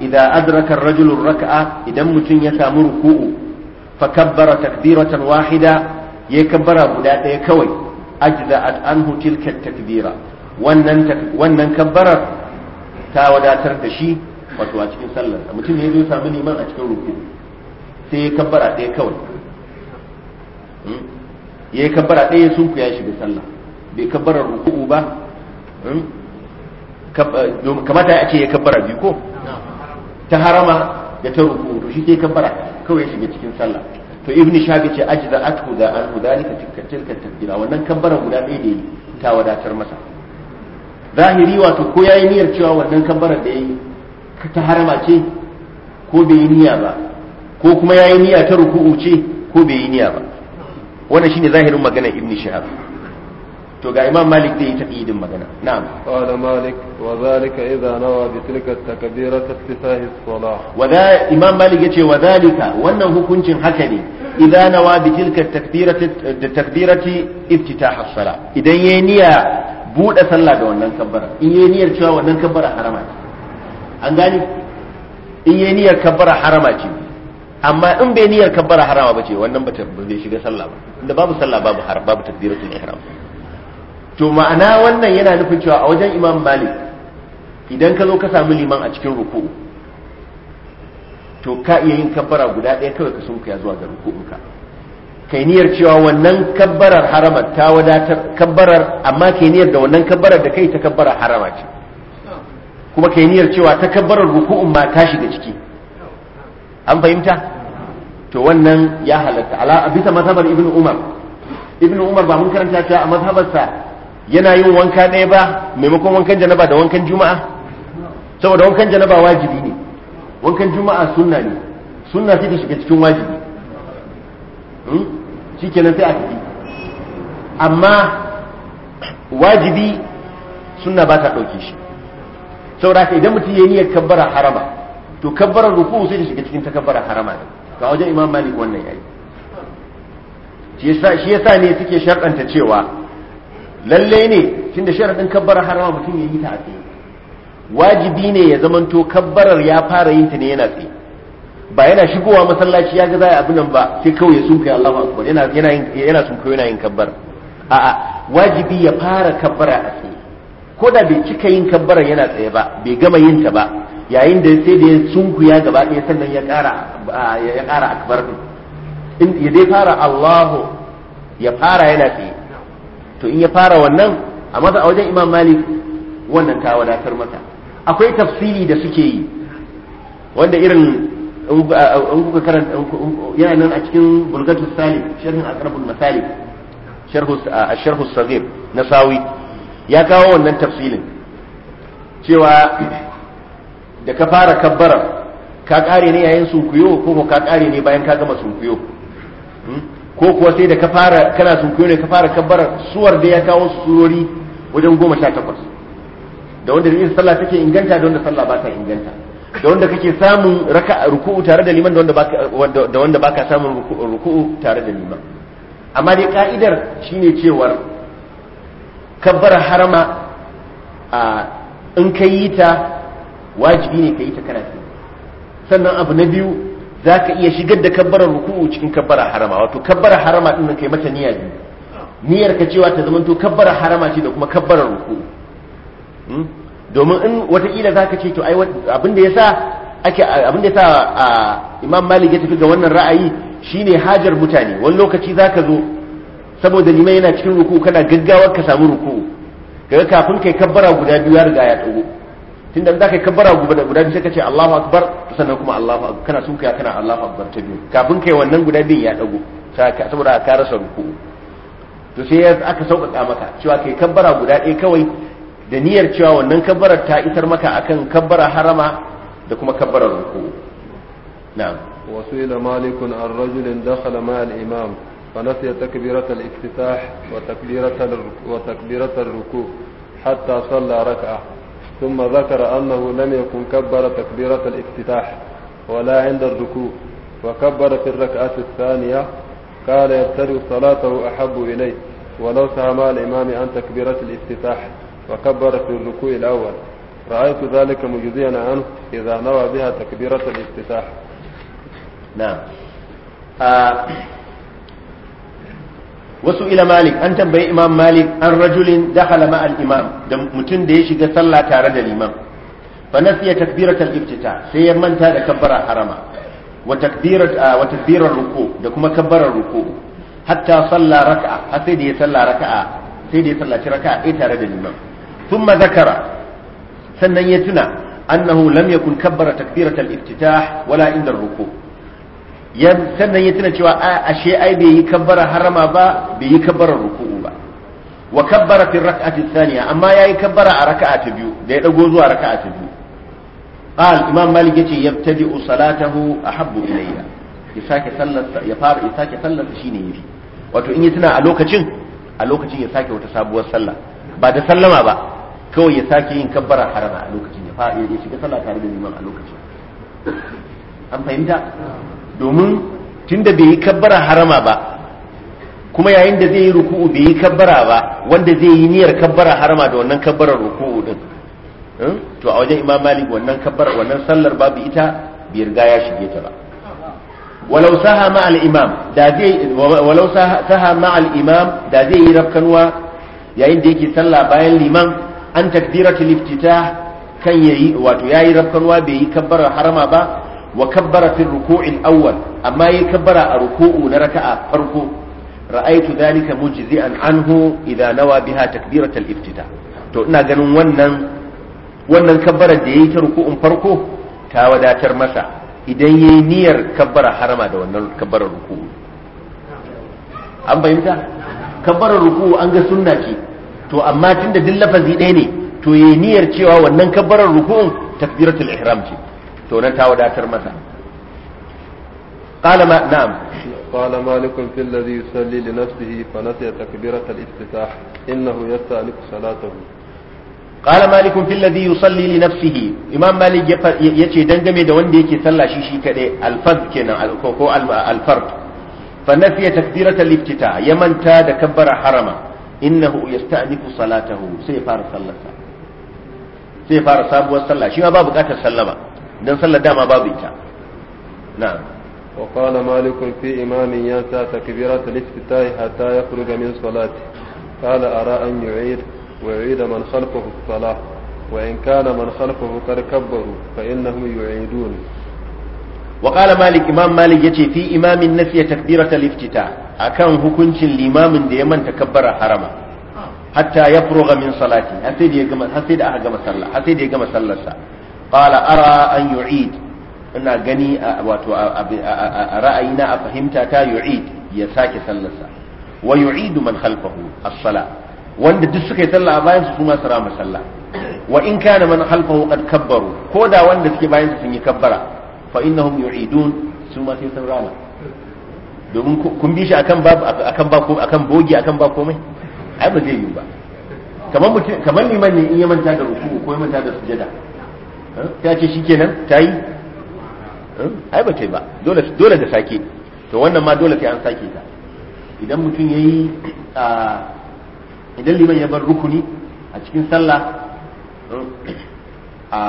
إذا أدرك الرجل الركعة إذا متن يسام ركوء فكبر تكبيرة واحدة يكبر بلا يكوي أجزأت عنه تلك التكبيرة wannan kabbarar ta wadatar da shi wato a cikin sallar mutum ne zai samu neman a cikin ruku sai ya kabbara ɗaya kawai hmm? ya yi kabbara ɗaya sunku ya shiga sallah bai kabbarar ruku ba hmm? eh, kamata ya ce ya kabbara biyu ko ta harama da ta ruku to shi ke kabbara kawai ya shiga cikin sallah to ibn shafi ce ajza athu da an hudalika tilka tilka wannan kabbara guda ɗaya ne ta wadatar masa zahiri wato ko ya yi niyyar cewa wannan kabbarar da yayi ta harama ce ko bai yi niyya ba ko kuma ya yi niyya ta ruku'u ce ko bai yi niyya ba wannan shine zahirin magana ibn shihab to ga imam malik zai yi idin magana na'am qala malik wa zalika idha nawa bi tilka takbirat iftisahi as-salah wa da imam malik yace wa zalika wannan hukuncin haka ne idza nawa bi tilka takbirati takbirati iftitah as-salah idan yayi niyya buɗe sallah da wannan kabbara in yi niyyar cewa wannan kabbara harama ce an gani in yi niyyar kabbara harama ce amma in bai niyyar kabbara harama ba ce wannan ba zai shiga sallah ba inda babu sallah babu har babu takbiratul ihram to ma'ana wannan yana nufin cewa a wajen imam malik idan ka zo ka samu liman a cikin ruku'u to ka iya yin kabbara guda ɗaya kawai ka sunkuya zuwa ga ruku'unka kai niyyar cewa wannan kabbarar harama ta wadatar kabbarar amma kai niyyar da wannan kabbarar da kai ta kabbarar harama ce kuma kai niyyar cewa ta kabbarar ruku'un ma ta shiga ciki an fahimta to wannan ya halatta ala a bisa mazhabar ibnu umar ibnu umar ba mun karanta ta a mazhabarsa yana yin wanka ɗaya ba maimakon wankan janaba da wankan juma'a saboda wankan janaba wajibi ne wankan juma'a sunna ne sunna sai ta shiga cikin wajibi hmm? shikenan sai a tafi amma wajibi sunna ba ta ɗauke shi saboda haka idan mutum ya yi niyyar kabbara harama to kabbarar ruku sai ta shiga cikin ta kabbara harama ne ga wajen imam malik wannan yayi shi yasa ne suke sharɗanta cewa lallai ne tunda sharaɗin kabbara harama mutum ya yi ta a tsaye wajibi ne ya zamanto kabbarar ya fara yin ta ne yana tsaye ba yana shigowa masallaci ya ga za a nan ba sai kawai ya sunkuya Allahu akbar yana yana yana yana yin kabbara a'a wajibi ya fara kabbara a tsaye ko da bai cika yin kabbara yana tsaye ba bai gama yin ta ba yayin da sai da ya ya gaba ɗaya sannan ya ƙara ya ƙara akbar din ya dai fara Allahu ya fara yana tsaye to in ya fara wannan a maza a wajen Imam Malik wannan ta wadatar mata akwai tafsiri da suke yi wanda irin in kuka karanta yana nan a cikin bulgatul salim sharhin aqrabul masalik sharhu sharhu saghir na sawi ya kawo wannan tafsilin cewa da ka fara kabbara ka kare ne yayin sunkuyo ko ko ka kare ne bayan ka gama sunkuyo hmm? ko kuwa sai da ka fara kana sunkuyo ne ka fara kabbara suwar da ya kawo surori wajen goma sha takwas da wanda yin sallah take inganta da wanda sallah ba ta inganta da wanda kake samun ruku'u tare da liman da wanda baka samun ruku'u tare da liman amma dai ka'idar shine cewar kabbar harama a in ka yi ta wajibi ne ka yi ta kana sannan abu na biyu za ka iya shigar da kabbarar ruku'u cikin kabbar harama wato kabbar harama ɗin na kai mata niyya biyu Niyar ka cewa ta zamanto kabbar harama ce da kuma kabbarar ruku'u hmm? domin in watakila za ka ce to abinda ya sa ake abinda ya sa imam malik ya tafi ga wannan ra'ayi shine hajar mutane wani lokaci za ka zo saboda liman yana cikin ruku kana gaggawa ka samu ruku kaga kafin kai kabbara guda biyu ya riga ya tsogo tunda za ka yi kabbara guda guda biyu sai ka ce Allahu akbar sannan kuma Allahu akbar kana sunkaya kana Allahu akbar ta biyu kafin kai wannan guda biyu ya dago saboda ka rasa ruku to sai aka sauƙaƙa maka cewa kai kabbara guda ɗaya kawai da niyyar cewa wannan kabbarar ta isar maka akan kabbara harama da kuma kabbarar ruku na'am wasila malikun an rajulin dakhala ma al-imam فنسي تكبيرة الافتتاح وتكبيرة وتكبيرة الركوع حتى صلى ركعة ثم ذكر أنه لم يكن كبر تكبيرة الافتتاح ولا عند الركوع وكبر في الركعة الثانية قال يبتدئ صلاته أحب إليه ولو سهم الإمام عن تكبيرة الافتتاح وكبر في الركوع الأول رأيت ذلك مجزيا عنه إذا نوى بها تكبيرة الافتتاح نعم آه. وسئل مالك أن بي إمام مالك عن رجل دخل مع الإمام متن ديش صلى تارد الإمام فنسي تكبيرة الافتتاح سيمن تاد كبر حرمه وتكبيرة آه، وتكبير الركوع دكما كبر الركوع حتى صلى ركعة حتى دي صلى ركعة سيدي صلى ركعة sallaci إيه تارد الإمام thumma zakara sannan ya tuna annahu lam yakun kabbara takbiratal iftitah wala inda ruku sannan ya tuna cewa ashe ai bai yi kabbara harama ba bai yi kabbara ruku'u ba wa kabbara fi rak'ati thaniya amma yayi kabbara a raka'a ta biyu da ya dago zuwa raka'a ta biyu qal imam malik yace yabtadi'u salatahu ahabbu ilayya ya sake sallar ya fara ya sake sallar shine yafi wato in ya tuna a lokacin ya sake wata sabuwar sallah ba da sallama ba kawai ya sake yin kabbara harama a lokacin ya fara ya shiga sallah tare da liman a lokacin an fahimta domin tunda bai yi kabbara harama ba kuma yayin da zai yi ruku'u bai yi kabbara ba wanda zai yi niyyar kabbara harama da wannan kabbarar ruku'u din hmm? to a wajen imam malik wannan kabbara wannan sallar babu ita bai riga ya shige ta ba walau saha ma al imam da zai walau saha ma imam da zai yi rafkanuwa yayin da yake sallah bayan liman an takbira iftitah kan yayi wato yayi rafkanwa bai yi kabbara harama ba wa kabbara fi ruku'in awwal amma yayi kabbara a ruku'u na raka'a farko ra'aytu dhalika mujzi'an anhu idha nawa biha takbiratul iftitah to ina ganin wannan wannan kabbara da yayi ta ruku'un farko ta wadatar masa idan yayi niyyar kabbara harama da wannan kabbara ruku'u an fahimta kabbara ruku'u an ga sunna ce to amma tunda duk lafazi ɗaya ne to yayi niyyar cewa wannan kabbarar ruku'un takbiratul ihram ce to nan ta wadatar masa قال ما نعم قال مالك في الذي يصلي لنفسه فنسي تكبيرة الافتتاح إنه يستأنف صلاته قال مالك في الذي يصلي لنفسه إمام مالك يتي دنجمي دا وندي يكي صلى شي شي كده الفرد كنا الفرد فنسي تكبيرة الافتتاح يمن تاد كبر حرمه إنه yasta'niku صلاته سي فار fara سي فار ya fara sabuwar sallah shi ma ba buƙatar sallama dan sallar وقال مالك في إمام ينسى تكبيرة الافتتاح حتى يخرج من صلاته قال أرى أن يعيد ويعيد من خلفه الصلاة وإن كان من خلفه قد كبروا فإنهم يعيدون وقال مالك إمام مالك يتي في إمام نسي تكبيرة الافتتاح akan hukuncin limamin da ya manta kabbara harama hatta ya furuga min salati har sai da ya gama har sai da aka gama sallah har sai da ya gama sallarsa qala ara an yu'id ina gani wato a ra'ayina a fahimta ta yu'id ya sake sallarsa wa yu'idu man khalfahu as-sala wanda duk suka yi sallah a bayan su kuma su rama sallah wa in kana man khalfahu qad kabbaru ko da wanda suke bayan su sun yi kabbara fa innahum yu'idun su ma sai sun rama domin kun bi shi akan ba akan ba ko akan bogi akan ba komai ai ba zai yi ba kamar mutum kamar liman ne in ya manta da ruku ko ya manta da sujada ta ce shikenan ta yi ai ba ta ba dole dole da sake to wannan ma dole sai an sake ta idan mutum yayi a idan liman ya bar rukuni a cikin sallah a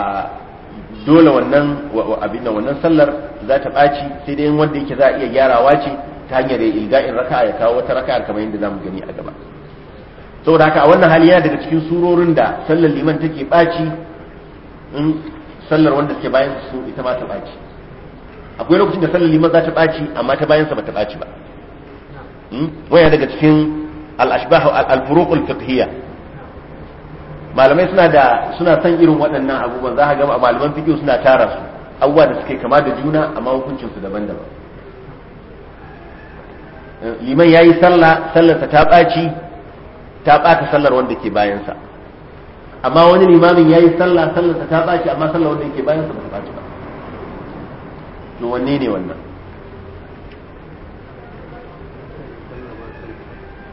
dole wannan abin da wannan sallar za ta ɓaci sai dai wanda yake za a iya gyarawa ce ta hanyar ilga'in raka'a ya kawo wata raka'a kamar yadda zamu gani a gaba saboda haka a wannan hali yana daga cikin surorin da sallar liman take ɓaci in sallar wanda suke bayan su ita ma ta ɓaci akwai lokacin da sallar liman za ta ɓaci amma ta bayan sa ba ta ɓaci ba hmm? waya daga cikin al-ashbah al-furuq al-fiqhiyya malamai suna da suna son irin waɗannan abubuwan za ka ga malaman fiqh suna tara su abubuwa da suke kama da juna amma hukuncin su daban-daban liman yayi sallah sallarsa ta ɓaci ta ɓata sallar wanda ke bayansa amma wani limamin yayi sallah sallarsa ta ɓaci amma sallar wanda ke bayansa ba ta ɓaci ba to wanne ne wannan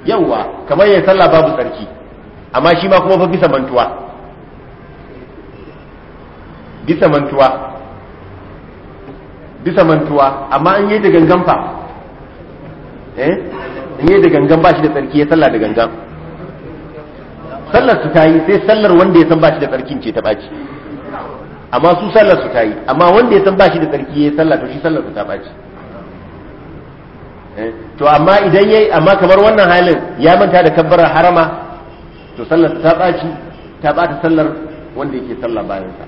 yawwa kamar yayi sallah babu tsarki amma shi ma kuma fa bisa mantuwa bisa mantuwa bisa mantuwa amma an yi da gangan fa eh an yi da gangan ba shi da tsarki ya sallah da gangan sallar su ta yi sai sallar wanda ya san ba shi da tsarkin ce ta baci amma su sallar su ta yi amma wanda ya san ba shi da tsarki ya sallah to shi sallar su ta baci eh? to amma idan yayi amma kamar wannan halin ya manta da kabbarar harama to sallar ta baci ta ɓata sallar wanda yake sallah bayan sa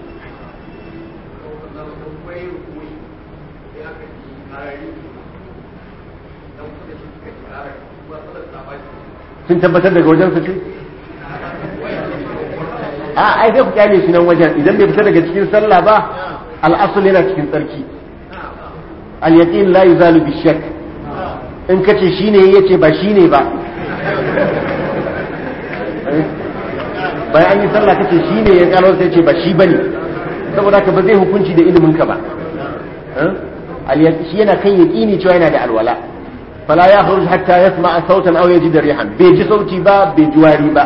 sun tabbatar daga wajen su ce a ai sai ku kyale shi nan wajen idan bai fita daga cikin sallah ba al'asul yana cikin tsarki al yaqin la yuzalu bi shakk in kace shine yace ba shine ba bayan an yi sallah kace shi ne ya gano sai ce ba shi bane saboda ka ba zai hukunci da ilimin ka ba shi yana kan yaqini cewa yana da alwala fala ya khuruj hatta yasma sautan aw yajid rihan bai ji sauti ba bai ji wari ba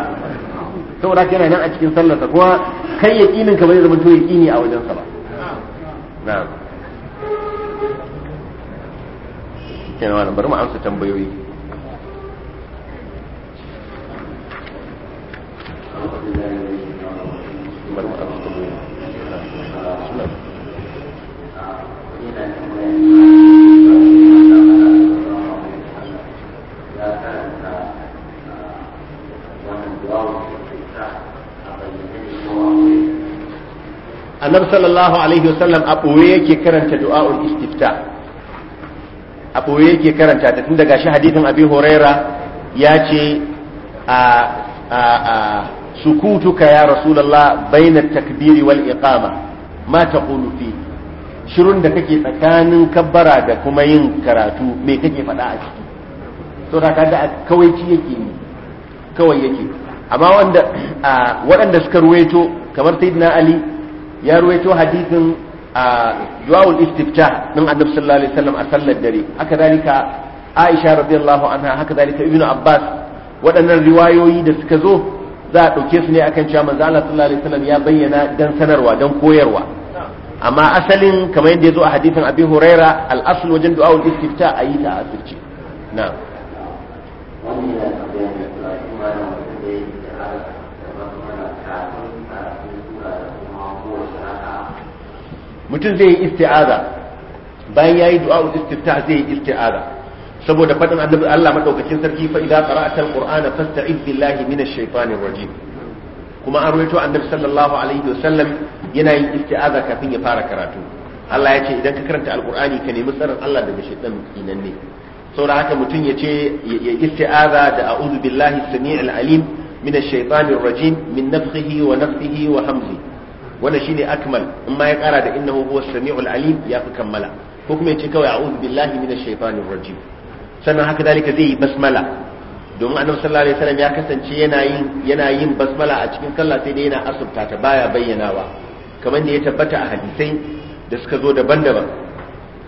saboda yana nan a cikin sallar sa kuma kai yaqinin ka bai zama to yaqini a wajen sa ba na'am kenan bari mu amsa tambayoyi annabi sallallahu alaihi wasallam a ɓoye yake karanta du'a'ul istifta a ɓoye yake karanta ta tun daga shi hadithin abi huraira ya ce a sukutuka ya rasulullah baina takbiri wal iqama mata taqulu shirun da kake tsakanin kabbara da kuma yin karatu me kake faɗa a ciki to da kaga yake ne kawai yake amma waɗanda suka ruwaito kamar sayyidina ali ya ruwaito hadisin a du'aul istiftah din annabi sallallahu alaihi wasallam a sallar dare haka aisha radiyallahu anha haka dalika ibnu abbas waɗannan riwayoyi da suka zo za a ɗauke su ne akan cewa manzo Allah sallallahu alaihi wasallam ya bayyana dan sanarwa dan koyarwa amma asalin kamar yadda ya zo a hadithin abi huraira al-asl wajen du'a ul istifta a yi ta a asirce na'am mutum zai yi isti'aza bayan ya yi du'a ul istifta zai yi isti'aza saboda faɗin annabi Allah madaukakin sarki fa idza qara'ta alqur'ana fasta'iz billahi minash shaitanir rajim kuma an rawaito annabi sallallahu alaihi wasallam yana yin isti'aza kafin ya fara karatu Allah ya ce idan ka karanta alqur'ani ka nemi tsarin Allah daga shaitan kinan ne saboda haka mutum ya ce ya isti'aza da a'udhu billahi samii'il alim minash shaitanir rajim min nafsihi wa nafsihi wa Hamzi, wannan shine akmal in ma ya kara da innahu huwa samiul alim ya fi kammala ko kuma ce kawai a'udhu billahi minash shaitanir rajim sannan haka dalika zai yi basmala domin annabi sallallahu alaihi wasallam ya kasance yana yin yana yin basmala a cikin sallah sai dai yana asubta ta baya bayyanawa kamar da ya tabbata a hadisai da suka zo daban-daban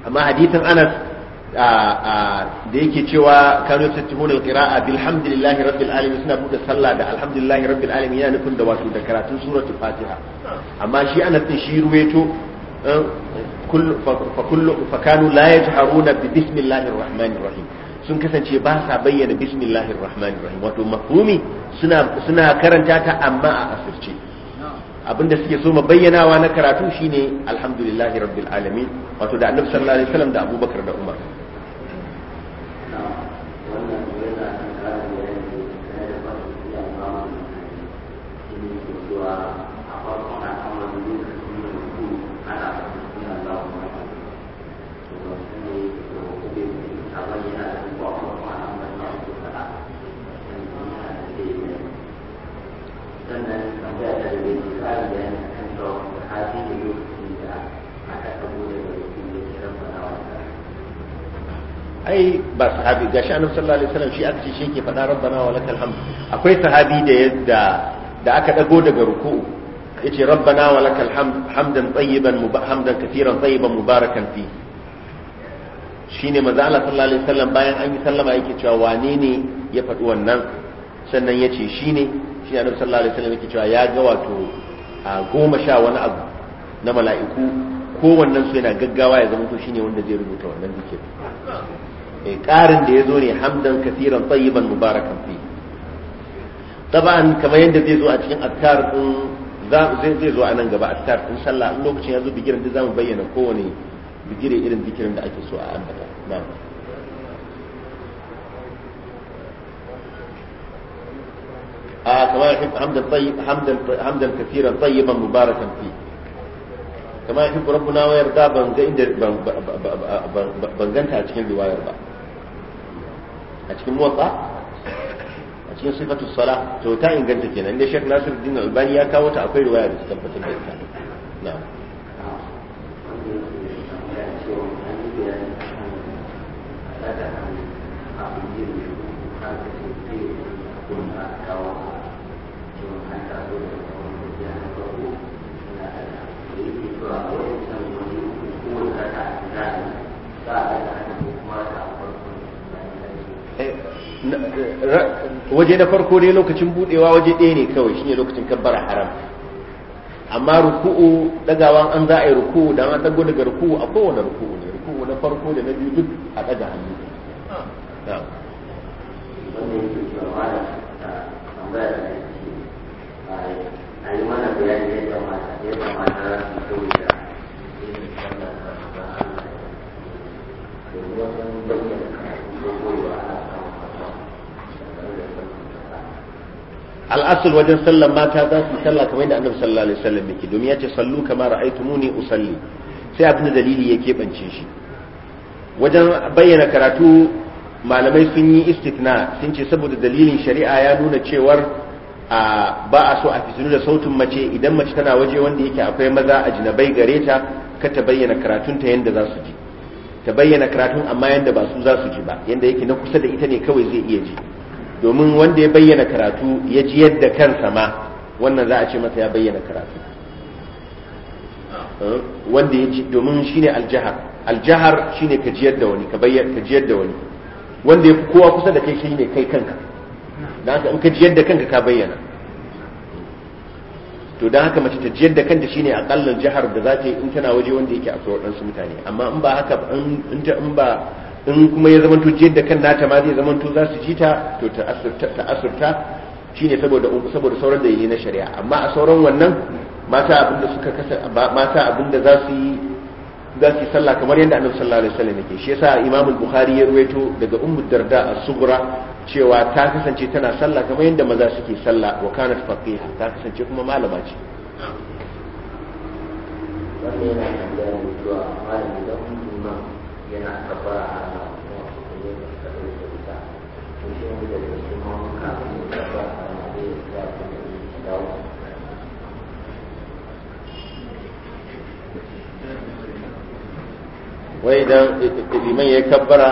amma hadisin Anas da yake cewa kanu tattihuna alqira'a bilhamdillahi rabbil alamin suna buɗe sallah da alhamdulillahi rabbil alamin yana nufin da wato da karatun suratul fatiha amma shi Anas din shi ruwaito فكل فكانوا لا يجهرون بسم الله الرحمن الرحيم sun kasance ba sa bayyana bismillahir rahmanir rahim wato mafhumi suna suna karanta ta amma a asirce abinda suke so bayyanawa na karatu shine alhamdulillahi rabbil alamin wato da annabi sallallahu alaihi wasallam da abubakar da umar ba sahabi gashi annabi sallallahu alaihi wasallam shi aka ce shi yake faɗa rabbana wa lakal hamd akwai sahabi da yadda da aka dago daga ruku yace rabbana wa lakal hamd hamdan tayyiban hamdan katiran tayyiban mubarakan fi shine manzo Allah sallallahu alaihi wasallam bayan an yi sallama yake cewa wane ne ya faɗi wannan sannan yace shine shi annabi sallallahu alaihi wasallam yake cewa ya ga wato goma sha wani abu na mala'iku kowannen su yana gaggawa ya zama to shine wanda zai rubuta wannan dikin Eh, ƙarin da ya zo ne hamdan kafiran tsayiban mubarakan fi taban kamar yadda zai zo a cikin azkar din zai zo a nan gaba attar din sallah in lokacin ya zo bigiran da zamu bayyana kowane bigire irin bigiran da ake so a ambata na'am آه كما يحب حمدا طيب حمدا حمدا كثيرا طيبا مباركا wayar da ban ga inda ban بنجنت a cikin riwayar ba a cikin motsa a cikin sifatu sala to ta inganta kenan inda Sheikh Nasiruddin Albani ya kawo ta akwai riwaya da ta tabbatar da ita na Thank you. waje na farko ne lokacin budewa waje ɗaya ne kawai shine lokacin kabbara haram amma ruku'u dagawan an za a yi ruku'u da an dago daga ruku'u a kowane ruku'u ne ruku'u na farko da na biyu duk a daga hannu Thank you. al'asul wajen sallan mata za su sallah kamar yadda annabi sallallahu alaihi wasallam yake domin ya ce sallu kama ra'aytumuni usalli sai abin da dalili ya keɓance shi wajen bayyana karatu malamai sun yi istitna sun ce saboda dalilin shari'a ya nuna cewar a ba a so a fitilu da sautin mace idan mace tana waje wanda yake akwai maza a jinabai gare ta ka ta bayyana karatun ta yanda za su ji ta bayyana karatun amma yanda ba su za su ji ba yanda yake na kusa da ita ne kawai zai iya ji domin wanda ya bayyana karatu ya ji yadda kansa ma wannan za a ce masa ya bayyana karatu wanda ya ji domin shi ne aljahar aljahar ne ka jiyar da wani ka bayyana ka jiyar da wani wanda ya fi kowa kusa da kai ne kai kanka da haka in ka jiyar da kanka ka bayyana to don haka mace ta jiyar da kanta shine aƙallar Jihar da za ta yi in tana waje wanda yake akwai waɗansu mutane amma in ba haka in ba in kuma ya zamanto jiyar da kan nata ma zai zamanto za su ji ta to ta asurta shine saboda saboda sauran da yi na shari'a amma a sauran wannan mata da suka kasa mata abinda za su yi za su yi sallah kamar yadda annabi sallallahu alaihi wasallam yake shi yasa imamu bukhari ya ruwaito daga ummu darda as-sughra cewa ta kasance tana sallah kamar yadda maza suke sallah wa kanat faqiha ta kasance kuma malama ce wannan yana da malamin yana a da suka ya kabbara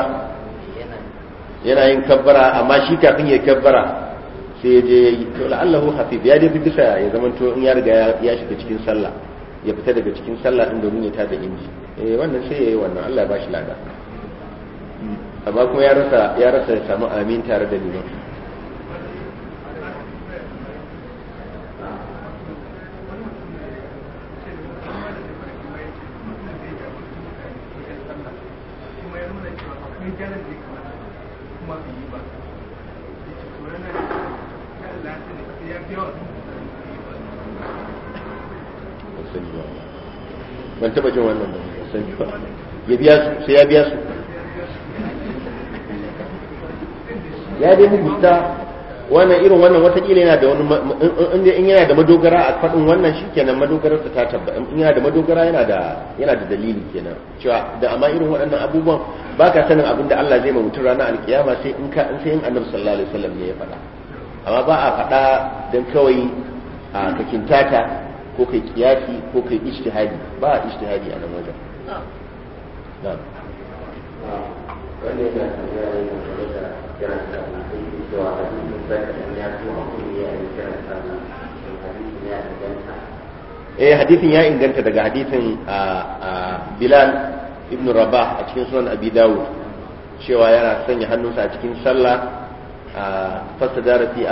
yana yin kabbara amma shi kafin ya kabbara sai ya je ya yi to la'allahu ya dai fi ya zama to in ya riga ya shiga cikin sallah ya fita daga cikin sallah din domin ya tada inji eh wannan sai yayi wannan Allah ya bashi lada amma kuma ya rasa ya rasa ya samu amin tare da liman Thank you. ban taba jin wannan ba san ba ya biya su sai ya biya su ya dai mu gusta wannan irin wannan kila yana da wani in yana da madogara a faɗin wannan shikenan madogarar ta tabba in yana da madogara yana da yana da dalili kenan cewa da amma irin waɗannan abubuwan ba ka sanin abin da Allah zai ma mutum ranar alkiyama sai in ka in sai in annabi sallallahu alaihi wasallam ne ya faɗa amma ba a faɗa dan kawai a tata. ko kai kiyasi ko kai ijtihadi ba a ijtihadi a nan wajen na'am wannan yana tambaya ne game da kiran sallah sai yi cewa hadisin bayan ya zo a kuma ya yi kiran da hadisin ya inganta eh hadisin ya inganta daga hadisin Bilal ibn Rabah a cikin sunan Abi Dawud cewa yana sanya hannunsa a cikin sallah fastadara fi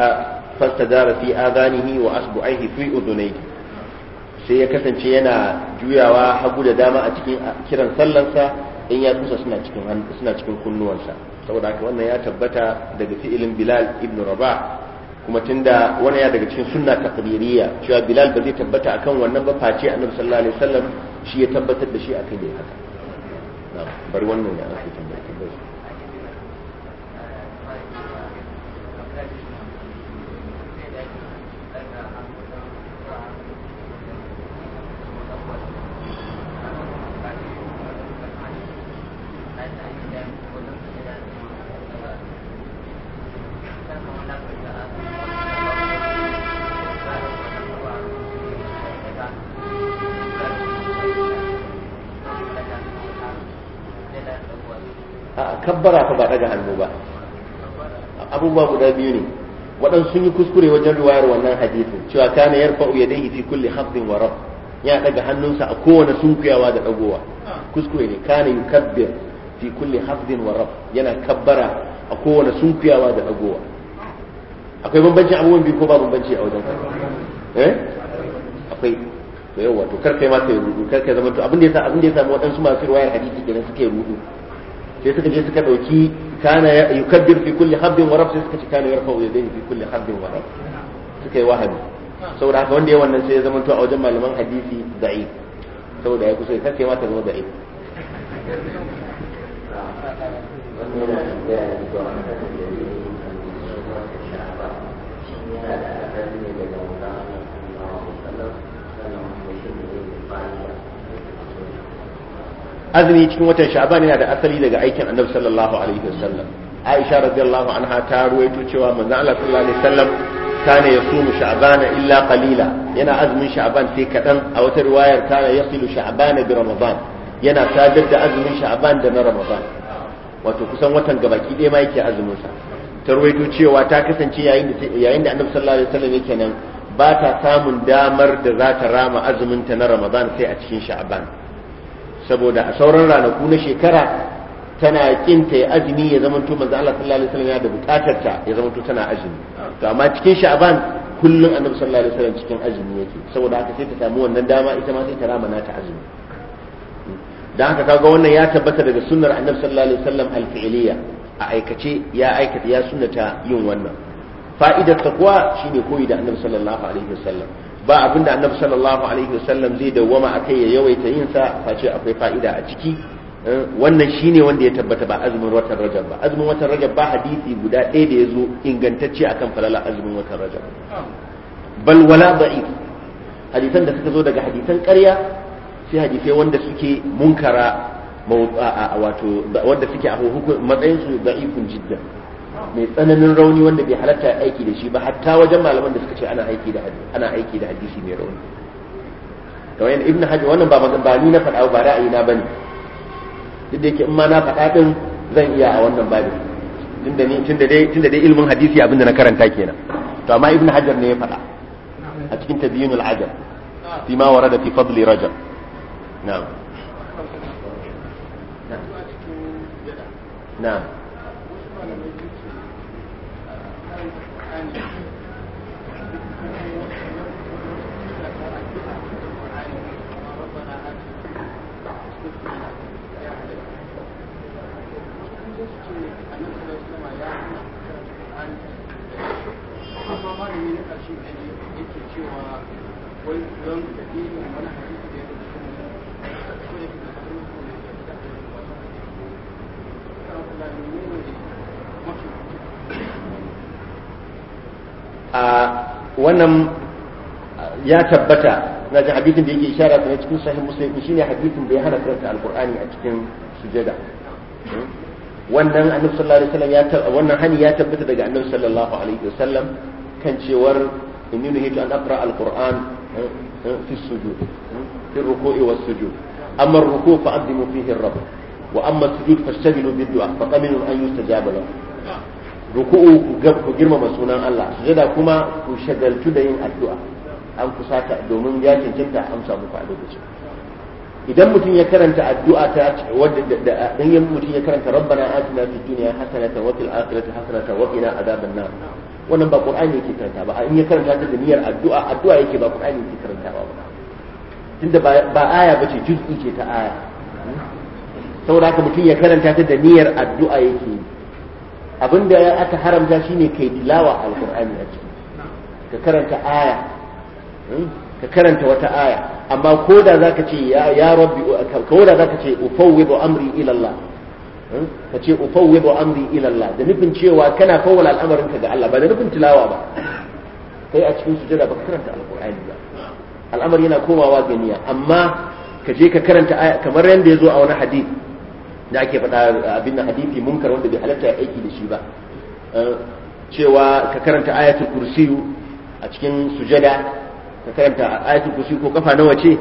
fastadara fi adanihi wa asbu'aihi fi udunayhi sai ya kasance yana juyawa hagu da dama a cikin kiran sallansa in ya kusa suna cikin suna cikin kunnuwansa saboda haka wannan ya tabbata daga fi'ilin Bilal ibn Rabah kuma tunda wani ya daga cikin sunna taqririyya cewa Bilal ba zai tabbata akan wannan ba face Annabi sallallahu alaihi wasallam shi ya tabbatar da shi akan yin haka bari wannan ya aka kabbara fa ba daga hannu ba abubuwa guda biyu ne waɗansu sun yi kuskure wajen ruwayar wannan hadithu cewa kana ya dai fi kulli hafdin wa raf ya daga hannunsa a kowane sunkuyawa da dagowa kuskure ne kana yukabbir fi kulli hafdin wa raf yana kabbara a kowane sunkuyawa da dagowa akwai bambancin abubuwan biyu ko ba bambanci a wajen eh akwai to yawa to kar kai ma kai rudu kar kai zama to abin da yasa abin da waɗansu masu riwayar hadisi kenan suke rudu sai suka je suka dauki kana yukabbir fi kulli khabbin wa rabb suka ce kana yarfa'u yadayhi fi kulli khabbin wa rabb suka yi wahabi saboda haka wanda ya wannan sai ya zama to a wajen malaman hadisi da'i saboda ya kusa kace ma ta zama da'i Thank you. azumi cikin watan sha'ban yana da asali daga aikin annabi sallallahu alaihi wasallam aisha radiyallahu anha ta ruwaito cewa manzon Allah sallallahu alaihi wasallam kana yasumu sha'bana illa qalila yana azumin sha'ban sai kadan a wata riwayar kana yasilu sha'bana bi ramadan yana sadar da azumin sha'ban da na ramadan wato kusan watan gabaki ɗaya ma yake azumin sa ta ruwaito cewa ta kasance yayin da yayin da annabi sallallahu alaihi wasallam yake nan ba ta samun damar da za ta rama azumin ta na ramadan sai a cikin sha'ban saboda a sauran ranaku na shekara tana kin ta ya azumi ya zamanto manzo Allah sallallahu alaihi wasallam ya da bukatar ta ya zamanto tana azumi to amma cikin sha'ban kullum annabi sallallahu alaihi wasallam cikin azumi yake saboda haka sai ta samu wannan dama ita ma sai ta rama nata azumi dan haka kaga wannan ya tabbata daga sunnar annabi sallallahu alaihi wasallam al-fi'liya a aikace ya aikata ya sunnata yin wannan fa'idar ta kuwa shine koyi da annabi sallallahu alaihi wasallam ba abin da annabi sallallahu alaihi wasallam zai dawwama akai ya yawaita yin sa face akwai fa'ida a ciki eh, wannan shine wanda ya tabbata ba azumin watan rajab ba azumin watan rajab ba hadisi guda ɗaya da ya zo ingantacce akan falala azumin watan rajab bal wala da'if hadisan da suka zo daga hadisan ƙarya sai hadisai wanda suke munkara wato wanda suke a matsayin su da'ifun jiddan mai tsananin rauni wanda bai halatta aiki da shi ba hatta wajen malaman da suka ce ana aiki da ana aiki da hadisi mai rauni to yadda ibnu hajar wannan ba ba ni na faɗa ba ra'ayi na bane duk da yake in ma na faɗa din zan iya a wannan babin tunda ni tunda dai tunda dai ilmin hadisi abinda na karanta kenan to amma ibnu hajar ne ya faɗa a cikin tabyinul ajab fi ma warada fi fadli rajab na'am na'am a wannan ya tabbata na ji hadithin da yake ishara da cikin sahih muslim ne hadithin da ya hana karanta alqur'ani a cikin sujada wannan annabi sallallahu alaihi wasallam ya tabbata wannan hani ya tabbata daga annabi sallallahu alaihi wasallam kan cewar inni nuhitu an aqra alqur'an في السجود في الركوع والسجود أما الركوع فأقدموا فيه الرب وأما السجود فاشتغلوا بالدعاء فقبلوا أن يستجاب لهم ركوع قبل جرم مسؤول عن الله سجد كما وشغل تدين الدعاء أن فساك دومين جاكين جنتا أمسا مفعل بسجود idan mutum ya karanta addu'a ta wadda da yan mutum ya karanta rabbana atina fid dunya hasanatan wa fil akhirati wannan ba qur'ani yake karanta ba in ya karanta ta da niyyar addu'a addu'a yake ba qur'ani yake karanta ba tunda ba aya bace juz'i ce ta aya saboda haka mutum ya karanta ta da niyyar addu'a yake abinda aka haramta shine kai tilawa alqur'ani a ciki ka karanta aya hmm? ka karanta wata aya amma ko da zaka ce ya rabbi ko da zaka ce ufawwidu amri ila Allah Hmm? ka ce ufawwidu amri ila Allah da nufin cewa kana fawwala al'amarin ka ga Allah ba da nufin tilawa ba kai a cikin sujada ba karanta alqur'ani ba al'amari yana komawa ga niyya amma ka je ka karanta aya kamar yanda yazo a wani hadith da ake faɗa abin da hadithi munkar wanda bai halatta ya aiki da shi ba eh, cewa ka karanta ayatul kursi a cikin sujada ka karanta ayatul kursi ko kafa nawa ce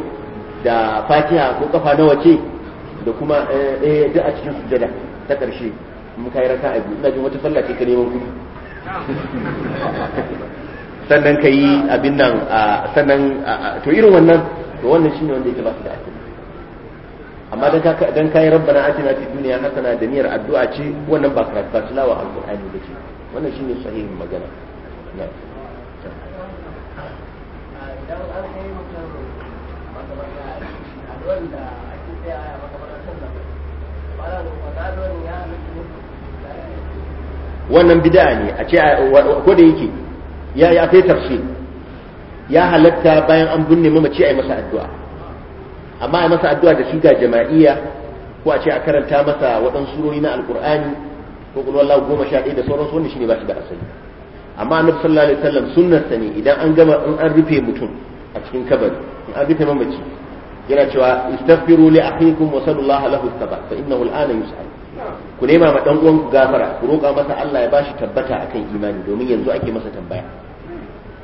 da fatiha ko kafa nawa ce da kuma eh, eh da a cikin sujada ta karshe mun kai raka a biyu ina jin wata sallah ce ka neman kudi sannan ka yi abin nan sannan to irin wannan to wannan shine wanda yake ba su da aiki amma dan ka dan kai rabbana atina fi dunya hasana da niyyar addu'a ce wannan ba karatu ba tilawa alqur'ani ce wannan shine sahihin magana na dan an kai mutum wanda wannan bid'a ne a ce ko da yake ya ya kai tafsir ya halatta bayan an binne mamaci a yi masa addu'a amma a masa addu'a da shiga jama'iyya ko a ce a karanta masa waɗansu surori na alkur'ani ko kuma Allah goma sha ɗaya da sauransu wanda shine ba shi da asali amma annabi sallallahu alaihi wasallam sunnarsa ne idan an gama in an rufe mutum a cikin kabari in an rufe mamaci yana cewa istaghfiru li akhikum wa sallallahu lahu thabat fa innahu al'ana yus'al ku nema ma dan uwan ku gafara ku roƙa masa Allah ya bashi tabbata akan imani domin yanzu ake masa tambaya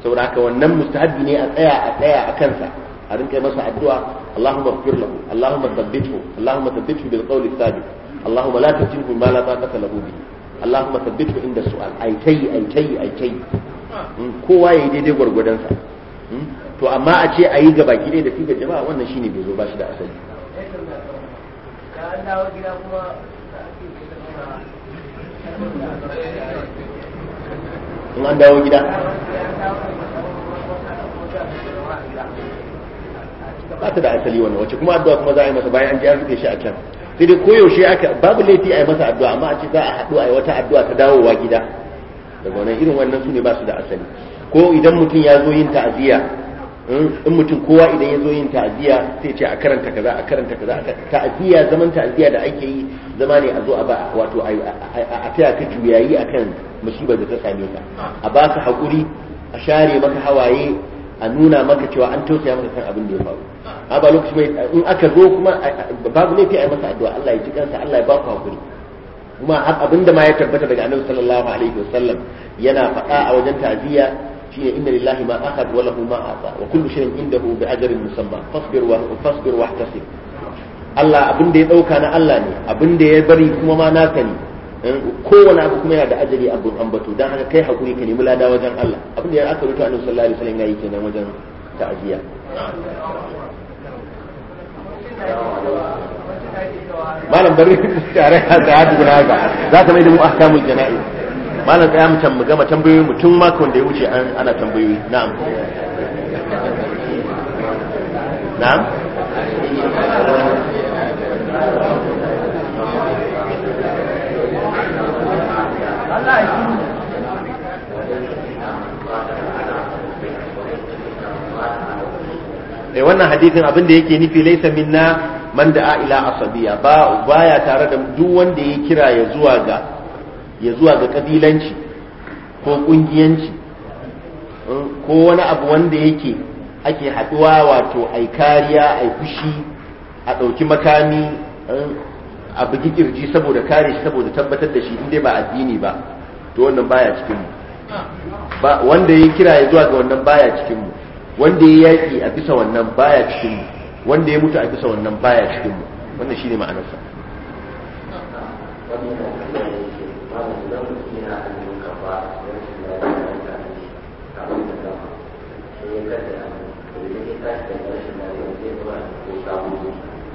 saboda haka wannan mustahabi ne a tsaya a tsaya a kansa a rinka masa addu'a Allahumma ighfir lahu Allahumma thabbithu Allahumma thabbithu bil qawli thabit Allahumma la tajilhu ma la taqata lahu bihi Allahumma thabbithu inda su'al ai tayi ai tayi ai tayi hmm, kowa yayi daidai gwargwadon sa hmm? to amma a ce a yi gaba ki da sigar jama'a wannan shine bai zo ba shi da asali in an dawo gida ba ta da asali wannan wacce kuma addu'a kuma za a yi masa bayan an ji an rufe shi a can sai dai koyaushe aka babu laifi a yi masa addu'a amma a ce za a haɗu a yi wata addu'a ta dawowa gida daga wannan irin wannan su ne ba su da asali ko idan mutum ya zo yin ta'aziyya in mutum kowa idan ya zo yin ta'aziyya sai ce a karanta kaza a karanta kaza ta'aziyya zaman ta'aziyya da ake yi zama ne a zo a ba wato a taya ka juyayi akan musibar da ta same ka a baka hakuri a share maka hawaye a nuna maka cewa an tausaya maka kan abin da ya faru a ba lokaci mai in aka zo kuma babu laifi a yi masa addu'a Allah ya ji kansa Allah ya ba ku hakuri kuma har abin da ma ya tabbata daga Annabi sallallahu alaihi wasallam yana faɗa a wajen ta'aziyya shine inna lillahi ma akhad wa lahu ma ata wa kullu shay'in indahu bi ajrin musamma ne abin bari kuma ma naka ne hmm? kowane yana da ajali abun ambato dan kai hakuri ka nemi lada wajen Allah abin da yayi kenan wajen ta'ziya malam da mu malam tsaya mu mu gama tambayoyi mu tun makon da ya wuce ana tambayoyi na'am na'am eh wannan hadisin abin da yake nufi laisa minna man da'a ila asabiya ba baya tare da duk wanda ya kira ya zuwa ga ya zuwa ga kabilanci ko kungiyanci eh, ko wani abu wanda yake ake haɗuwa wato ai kariya ai fushi a ɗauki makami eh, a bugi kirji saboda kare shi saboda tabbatar da shi inda ba addini ba to wannan baya cikin mu ba wanda ya kira ya zuwa ga wannan baya cikin mu wanda ya yaki a bisa wannan baya cikin mu wanda ya mutu a bisa wannan baya cikin mu wannan shine ma'anarsa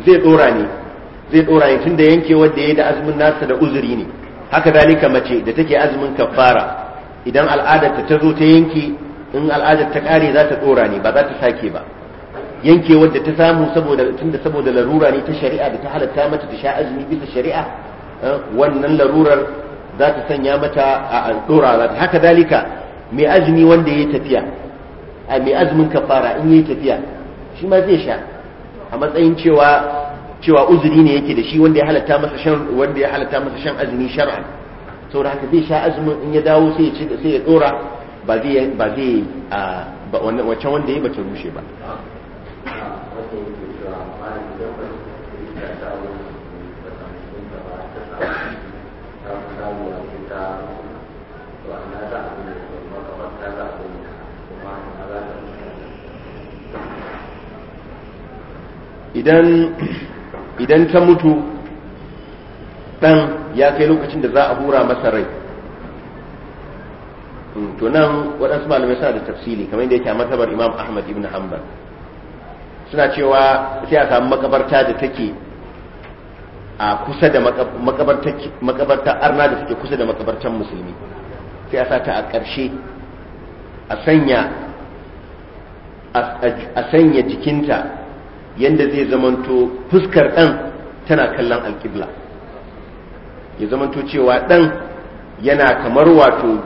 zai dora ne zai dora ne tunda yanke wanda yayi da azumin nasa da uzuri ne haka dalika mace da take azumin kaffara idan al'adar ta zo ta yanke in al'adar ta kare za ta dora ne ba za ta sake ba yanke wanda ta samu saboda tunda saboda larura ne ta shari'a da ta halatta mata ta sha azumi bisa shari'a eh, wannan larurar za ta sanya mata a dora za ta haka dalika mai azumi wanda yayi tafiya a mai azumin kafara in yayi tafiya shi ma zai sha a matsayin cewa cewa uzuri ne yake da shi wanda ya halatta masa shan wanda ya halatta masa shan azumi shar'an saboda haka zai sha azumin in ya dawo sai ya ci sai ya dora ba zai ba zai wancan wanda ya bace rushe ba idan ta mutu ɗan ya kai lokacin da za a hura masa rai hmm, to nan waɗansu malamai suna da tafsiri kamar yadda yake a matsabar imam ahmad ibn hanbal suna cewa sai a samu makabarta da take a kusa da makabarta arna da suke kusa da makabartan musulmi sai a sata a ƙarshe a sanya jikinta yanda zai zamanto fuskar ɗan tana kallon alƙibla ya zamanto cewa ɗan yana kamar wato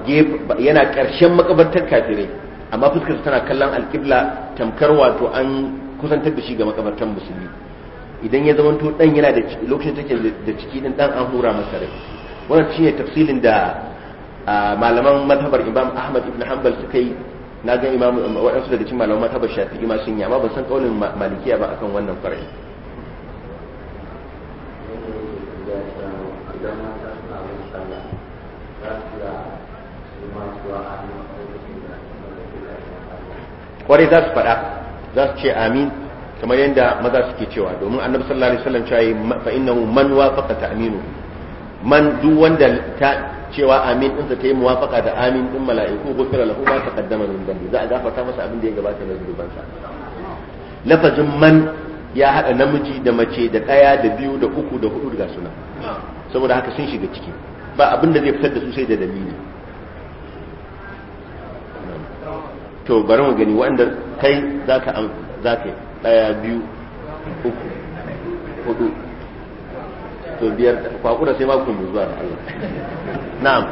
yana ƙarshen makabartar kafirai amma fuskar tana kallon alƙibla tamkar wato an kusantar da shi ga makabartar musulmi idan ya zamanto ɗan yana da lokacin take da ciki ɗin ɗan an hura masa rai wannan shine tafsilin da ah, malaman mazhabar imam ahmad ibn hanbal suka yi na ga imamu waɗansu daga cikin malamai mata ba shafi ma sun yi amma ban san ƙaunin malikiya ba akan wannan farai kwarai za su faɗa za su ce amin kamar yadda maza suke cewa domin annabi sallallahu alaihi wasallam cewa fa innahu man wafaqa ta'minu man duk wanda cewa amin din sa yi muwafaka da amin din mala'iku gufira lahu ma taqaddama min dambi za a gafarta masa abin da ya gabata na zuban sa lafazin man ya hada namiji da mace da daya da biyu da uku da hudu daga suna saboda haka sun shiga ciki ba abin da zai fitar da su sai da dalili to bari mu gani wanda kai zaka an zaka daya biyu uku hudu to biyar kwakura sai mako mai zuwa da Allah na'am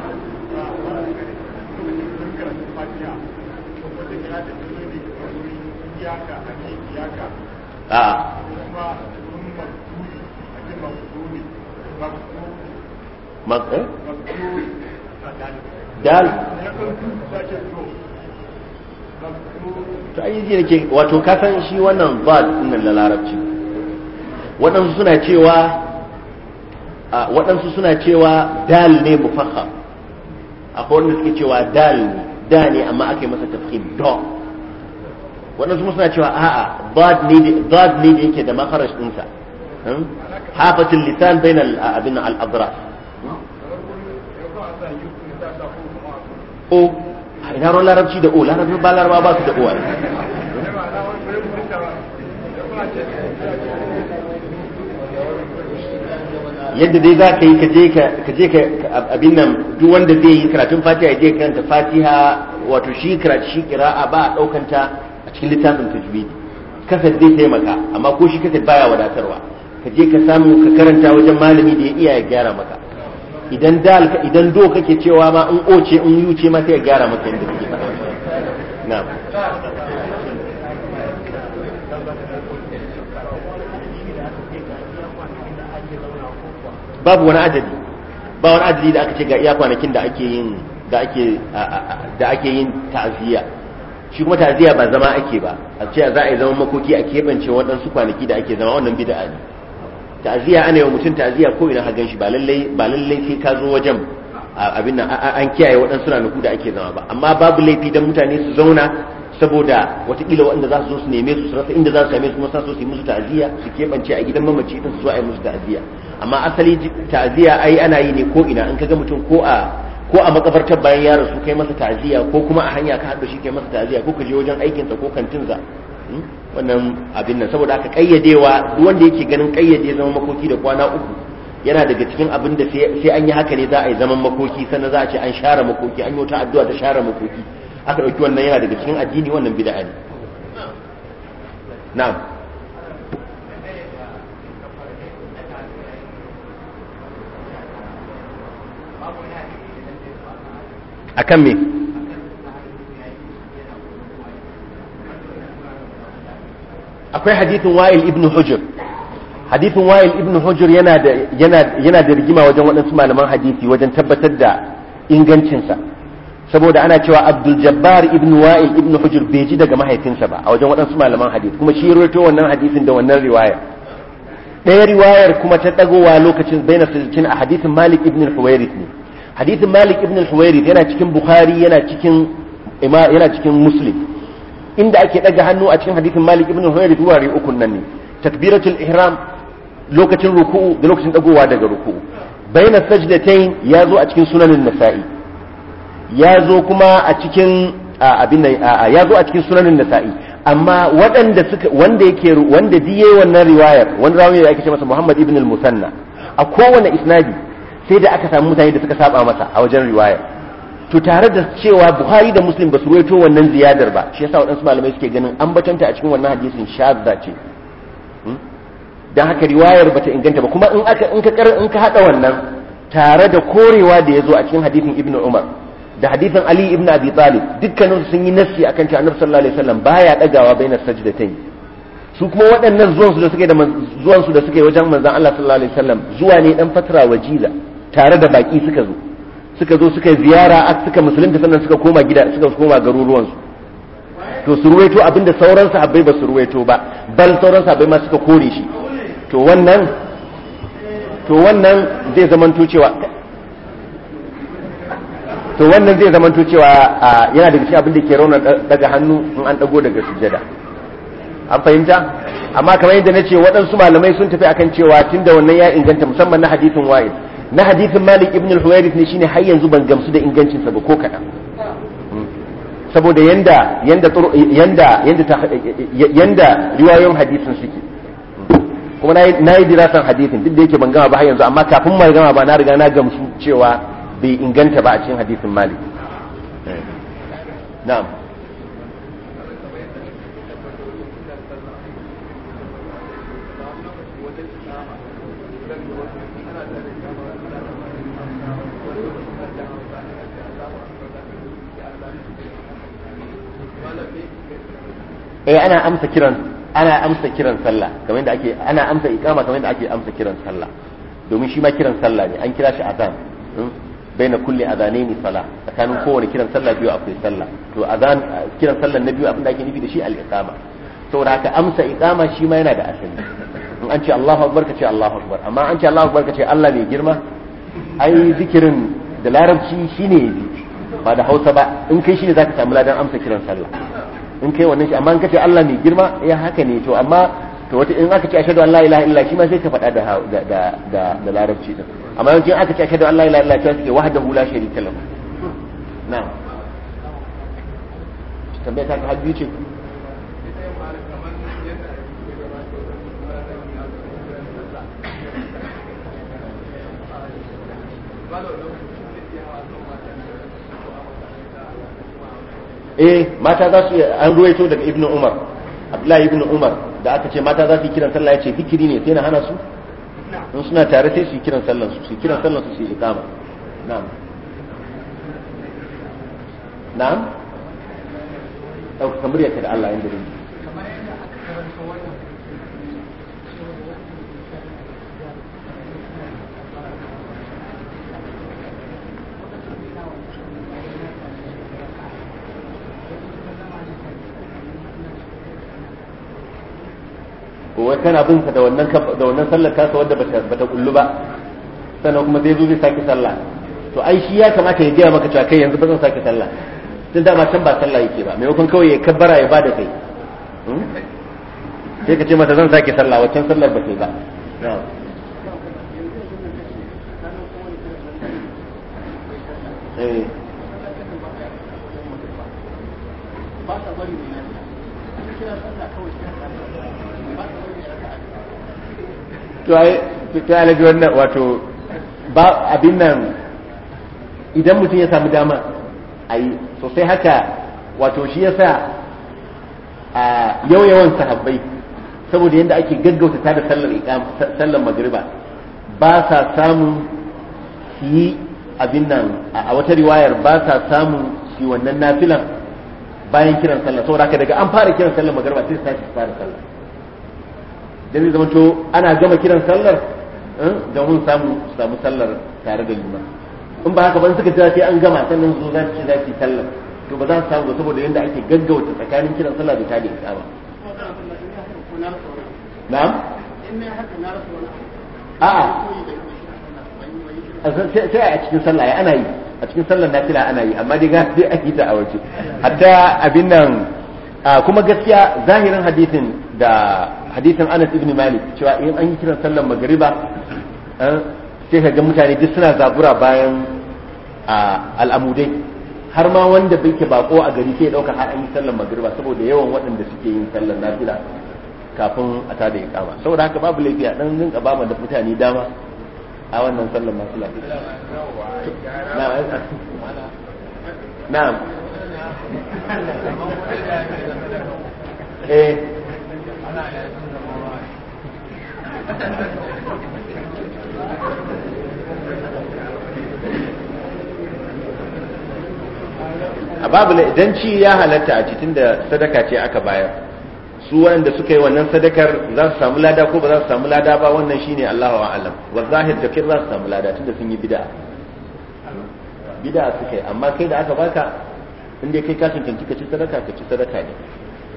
a eh? dal to ai yi nake wato kasan shi wannan bal din na larabci waɗansu suna cewa waɗansu suna cewa dal ne mufakham akwai wanda suke cewa dal ne da ne amma aka yi masa tafhim do waɗansu suna cewa a'a dad ne da yake da makaraj ɗinsa hmm? hafatin bai na abin al'adras o ina ruwan larabci da o larabci ba laraba ba su da o yadda dai za ka yi ka je ka abin nan duk wanda zai yi karatun fatiha ya je karanta fatiha wato shi karatu shi a ba a ɗaukanta a cikin littafin tajwidi kasa zai taimaka amma ko shi kasa baya wadatarwa ka je ka samu ka karanta wajen malami da ya iya ya gyara maka idan dal idan do kake cewa ma in oce in yuce ma sai ya gyara maka inda kake na'am babu wani adadi ba wani adadi da aka ce ga iya kwanakin da ake yin da ake da yin ta'ziya shi kuma ta'ziya ba zama ake ba a ce za a yi zaman makoki a keɓance waɗansu kwanaki da ake zama wannan bid'a ne ta'ziya ana yi wa mutum ko ina hagan shi ba lallai sai ka zo wajen abin nan an kiyaye waɗansu ranaku da ake zama ba amma babu laifi dan mutane su zauna saboda watakila waɗanda za su zo su neme su su rasa inda za su same su kuma su musu ta'aziya su keɓance a gidan mamaci din su zo a yi musu ta'aziya amma asali ta'aziya ai ana yi ne ko ina in ga mutum ko a ko a makabartar bayan ya rasu kai masa ta'aziya ko kuma a hanya ka haɗa shi kai masa ta'aziya ko ka je wajen aikinsa ko sa hmm? wannan abin nan saboda aka kayyadewa duk wanda yake ganin kayyade zama makoki da kwana uku yana daga cikin abin da sai an yi haka ne za a yi zaman makoki sannan za a ce an share makoki an yi wata addu'a ta share makoki aka ɗauki wannan yana daga cikin addini wannan bid'a ne na'am akan me akwai hadithin wa'il ibn hujr hadithin wa'il ibn hujr yana da yana yana da rigima wajen waɗansu malaman hadisi wajen tabbatar da ingancinsa saboda ana cewa abdul jabbar ibn wa'il ibn hujr bai ji daga mahaifinsa ba a wajen waɗansu malaman hadith kuma shi rawaito wannan hadithin da wannan riwaya ɗaya riwayar kuma ta dagowa lokacin baina sirrin a hadithin malik ibn al-huwairith ne hadithin malik ibn al-huwairith yana cikin bukhari yana cikin yana cikin muslim inda ake ɗaga hannu a cikin hadithin malik ibn al-huwairith wurare uku nan ne takbiratul ihram lokacin ruku'u da lokacin dagowa daga ruku'u baina sajdatayn ya zo a cikin sunanin nasa'i ya zo kuma a cikin abin ya zo a cikin sunanin nasa'i amma waɗanda suka wanda yake wanda diye wannan riwayar wani rawi da ce masa Muhammad ibn al-Musanna a kowane isnadi sai da aka samu mutane da suka saba masa a wajen riwayar to tare da cewa Buhari da Muslim ba su ruwaito wannan ziyadar ba shi yasa waɗansu malamai suke ganin an batanta a cikin wannan hadisin shadda ce hmm? dan haka riwayar bata inganta ba kuma in aka in ka in ka hada wannan tare da korewa da ya zo a cikin hadisin Ibn Umar da hadithin Ali ibn Abi Talib dukkanin sun yi nafsi akan cewa Annabi sallallahu alaihi wasallam baya dagawa bainar sajdatayn su kuma waɗannan zuwan su da suke da zuwan su da suke wajen manzon Allah sallallahu alaihi wasallam zuwa ne dan fatara wajiza tare da baki suka zo suka zo suka ziyara suka musulunta sannan suka koma gida suka koma garuruwan su to su ruwaito abinda sauran sahabbai ba su ruwaito ba bal sauran sahabbai ma suka kore shi to wannan to wannan zai zamanto cewa to wannan zai zamanto cewa yana daga cikin abin da ke raunar daga hannu in an dago daga sujada an fahimta amma kamar yadda na ce waɗansu malamai sun tafi akan cewa tun da wannan ya inganta musamman na hadithin wa'id na hadithin malik ibn al-huwairith ne shine har yanzu ban gamsu da ingancin sa ba ko kada hmm. saboda yanda yanda yanda yanda yanda riwayoyin hadithin suke kuma na yi dirasan hadithin duk da yake ban gama ba har yanzu amma kafin ma gama ba na riga na gamsu cewa bai inganta ba a cikin hadisin malik na'am eh ana amsa kiran ana amsa kiran sallah kamar yadda ake ana amsa iqama kamar yadda ake amsa kiran sallah domin shi ma kiran sallah ne an kira shi azan baina kulli adhanaini sala tsakanin kowane kiran sallah biyu akwai sallah to azan kiran sallah na biyu abin da ake nufi da shi al-iqama saboda haka amsa iqama shi ma yana da asali in an ce Allahu akbar ka ce Allahu akbar amma an ce Allahu akbar ka ce Allah mai girma ai zikirin da larabci shine yabi ba da Hausa ba in kai shine zaka samu ladan amsa kiran sallah in kai wannan shi amma in ka ce Allah mai girma ya haka ne to amma to wata in aka ce ashhadu an la ilaha illa shi ma sai ka faɗa da da da larabci din amma in aka ce ashhadu an la ilaha illa Allah suke wahdahu la sharika lahu na'am tambaya ta har biyu ce eh mata za su an ruwaito daga ibnu umar abdullahi ibnu umar da aka ce mata za su yi kiran sallah ya ce zikiri ne sai na hana su in suna tare sai su kiran sallan su su kiran sallan su su yi iqama na'am na'am ɗauka kamar yake da Allah inda rinji wai kana bin sa da wannan da wannan sallar tasa wanda bata bata kullu ba sannan kuma zai zo zai sake sallah to ai shi ya kamata ya gaya maka cewa kai yanzu ba zan sake sallah tun dama can ba sallah yake ba maimakon kawai ya kabbara ya bada kai hmm? sai ka ce mata zan sake sallah can sallar ba kai ba eh. ba ta bari ne na sallah to to alaji wannan wato ba abin nan idan mutum ya samu dama ayi sosai haka wato shi yasa a yau yawan sahabbai saboda yadda ake gaggauta ta da sallar sallar magriba ba sa samun su yi abin nan a wata riwayar ba sa samun su wannan nafilan bayan kiran sallar saboda haka daga an fara kiran sallar magriba sai su tashi fara sallar. da zama to ana gama kiran sallar eh, mun samu samu sallar tare da liman in ba haka ban suka ce sai an gama sannan zo za su za su sallar to ba za su samu ba saboda yadda ake gaggauta tsakanin kiran sallah da tada ba na'am a'a sai a cikin sallah ya ana yi a cikin sallar fila ana yi amma dai gaskiya ake ta a waje hatta abin nan kuma gaskiya zahirin hadisin da hadisin Anas ibn Malik cewa in an yi kiran sallar magariba eh, sai ka ga mutane duk suna zabura bayan al'amudai har ma wanda bai ke bako a gari sai ya dauka har an yi sallar magariba saboda yawan waɗanda suke yin sallar nafila kafin a tada kama saboda haka babu laifi a dan rinka ba da mutane dama a wannan sallar nafila na'am eh a babu idan ci ya halatta a cikin da sadaka ce aka bayar su wanda suka yi wannan sadakar za su samu lada ko ba za su samu lada ba wannan shine Allahu a'lam wa zahir da kin za su samu lada tunda sun yi bid'a bid'a suka yi amma kai da aka baka inda kai ka cancanci ka ci sadaka ka ci sadaka ne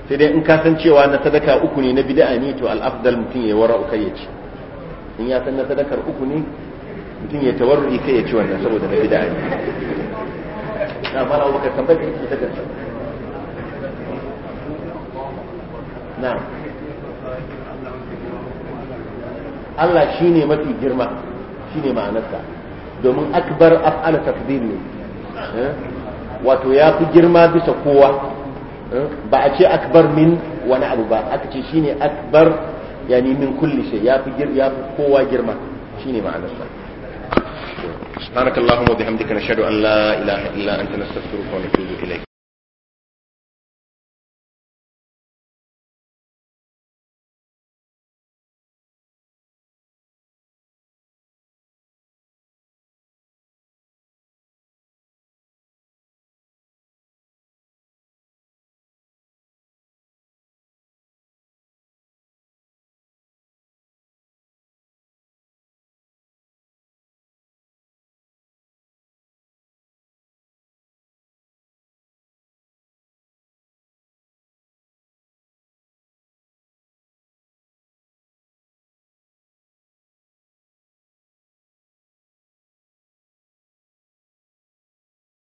sai dai in ka san cewa na sadaka uku ne na bid'a ne to al-afdal mutum ya wara uka ya ci in ya san na sadakar uku ne mutum ya tawarruri kai ya ci wannan saboda na bid'a ne na mala abubakar tambayar da ta gaske na Allah shine mafi girma shine ma'anarsa domin akbar af'ala tafdil ne eh? wato ya fi girma bisa kowa ba a ce akbar min wani abu ba aka ce shine akbar yani min kulli shay ya fi ya fi kowa girma shine ma'anar sa subhanakallahumma wa bihamdika nashhadu an la ilaha illa anta nastaghfiruka wa natubu ilayk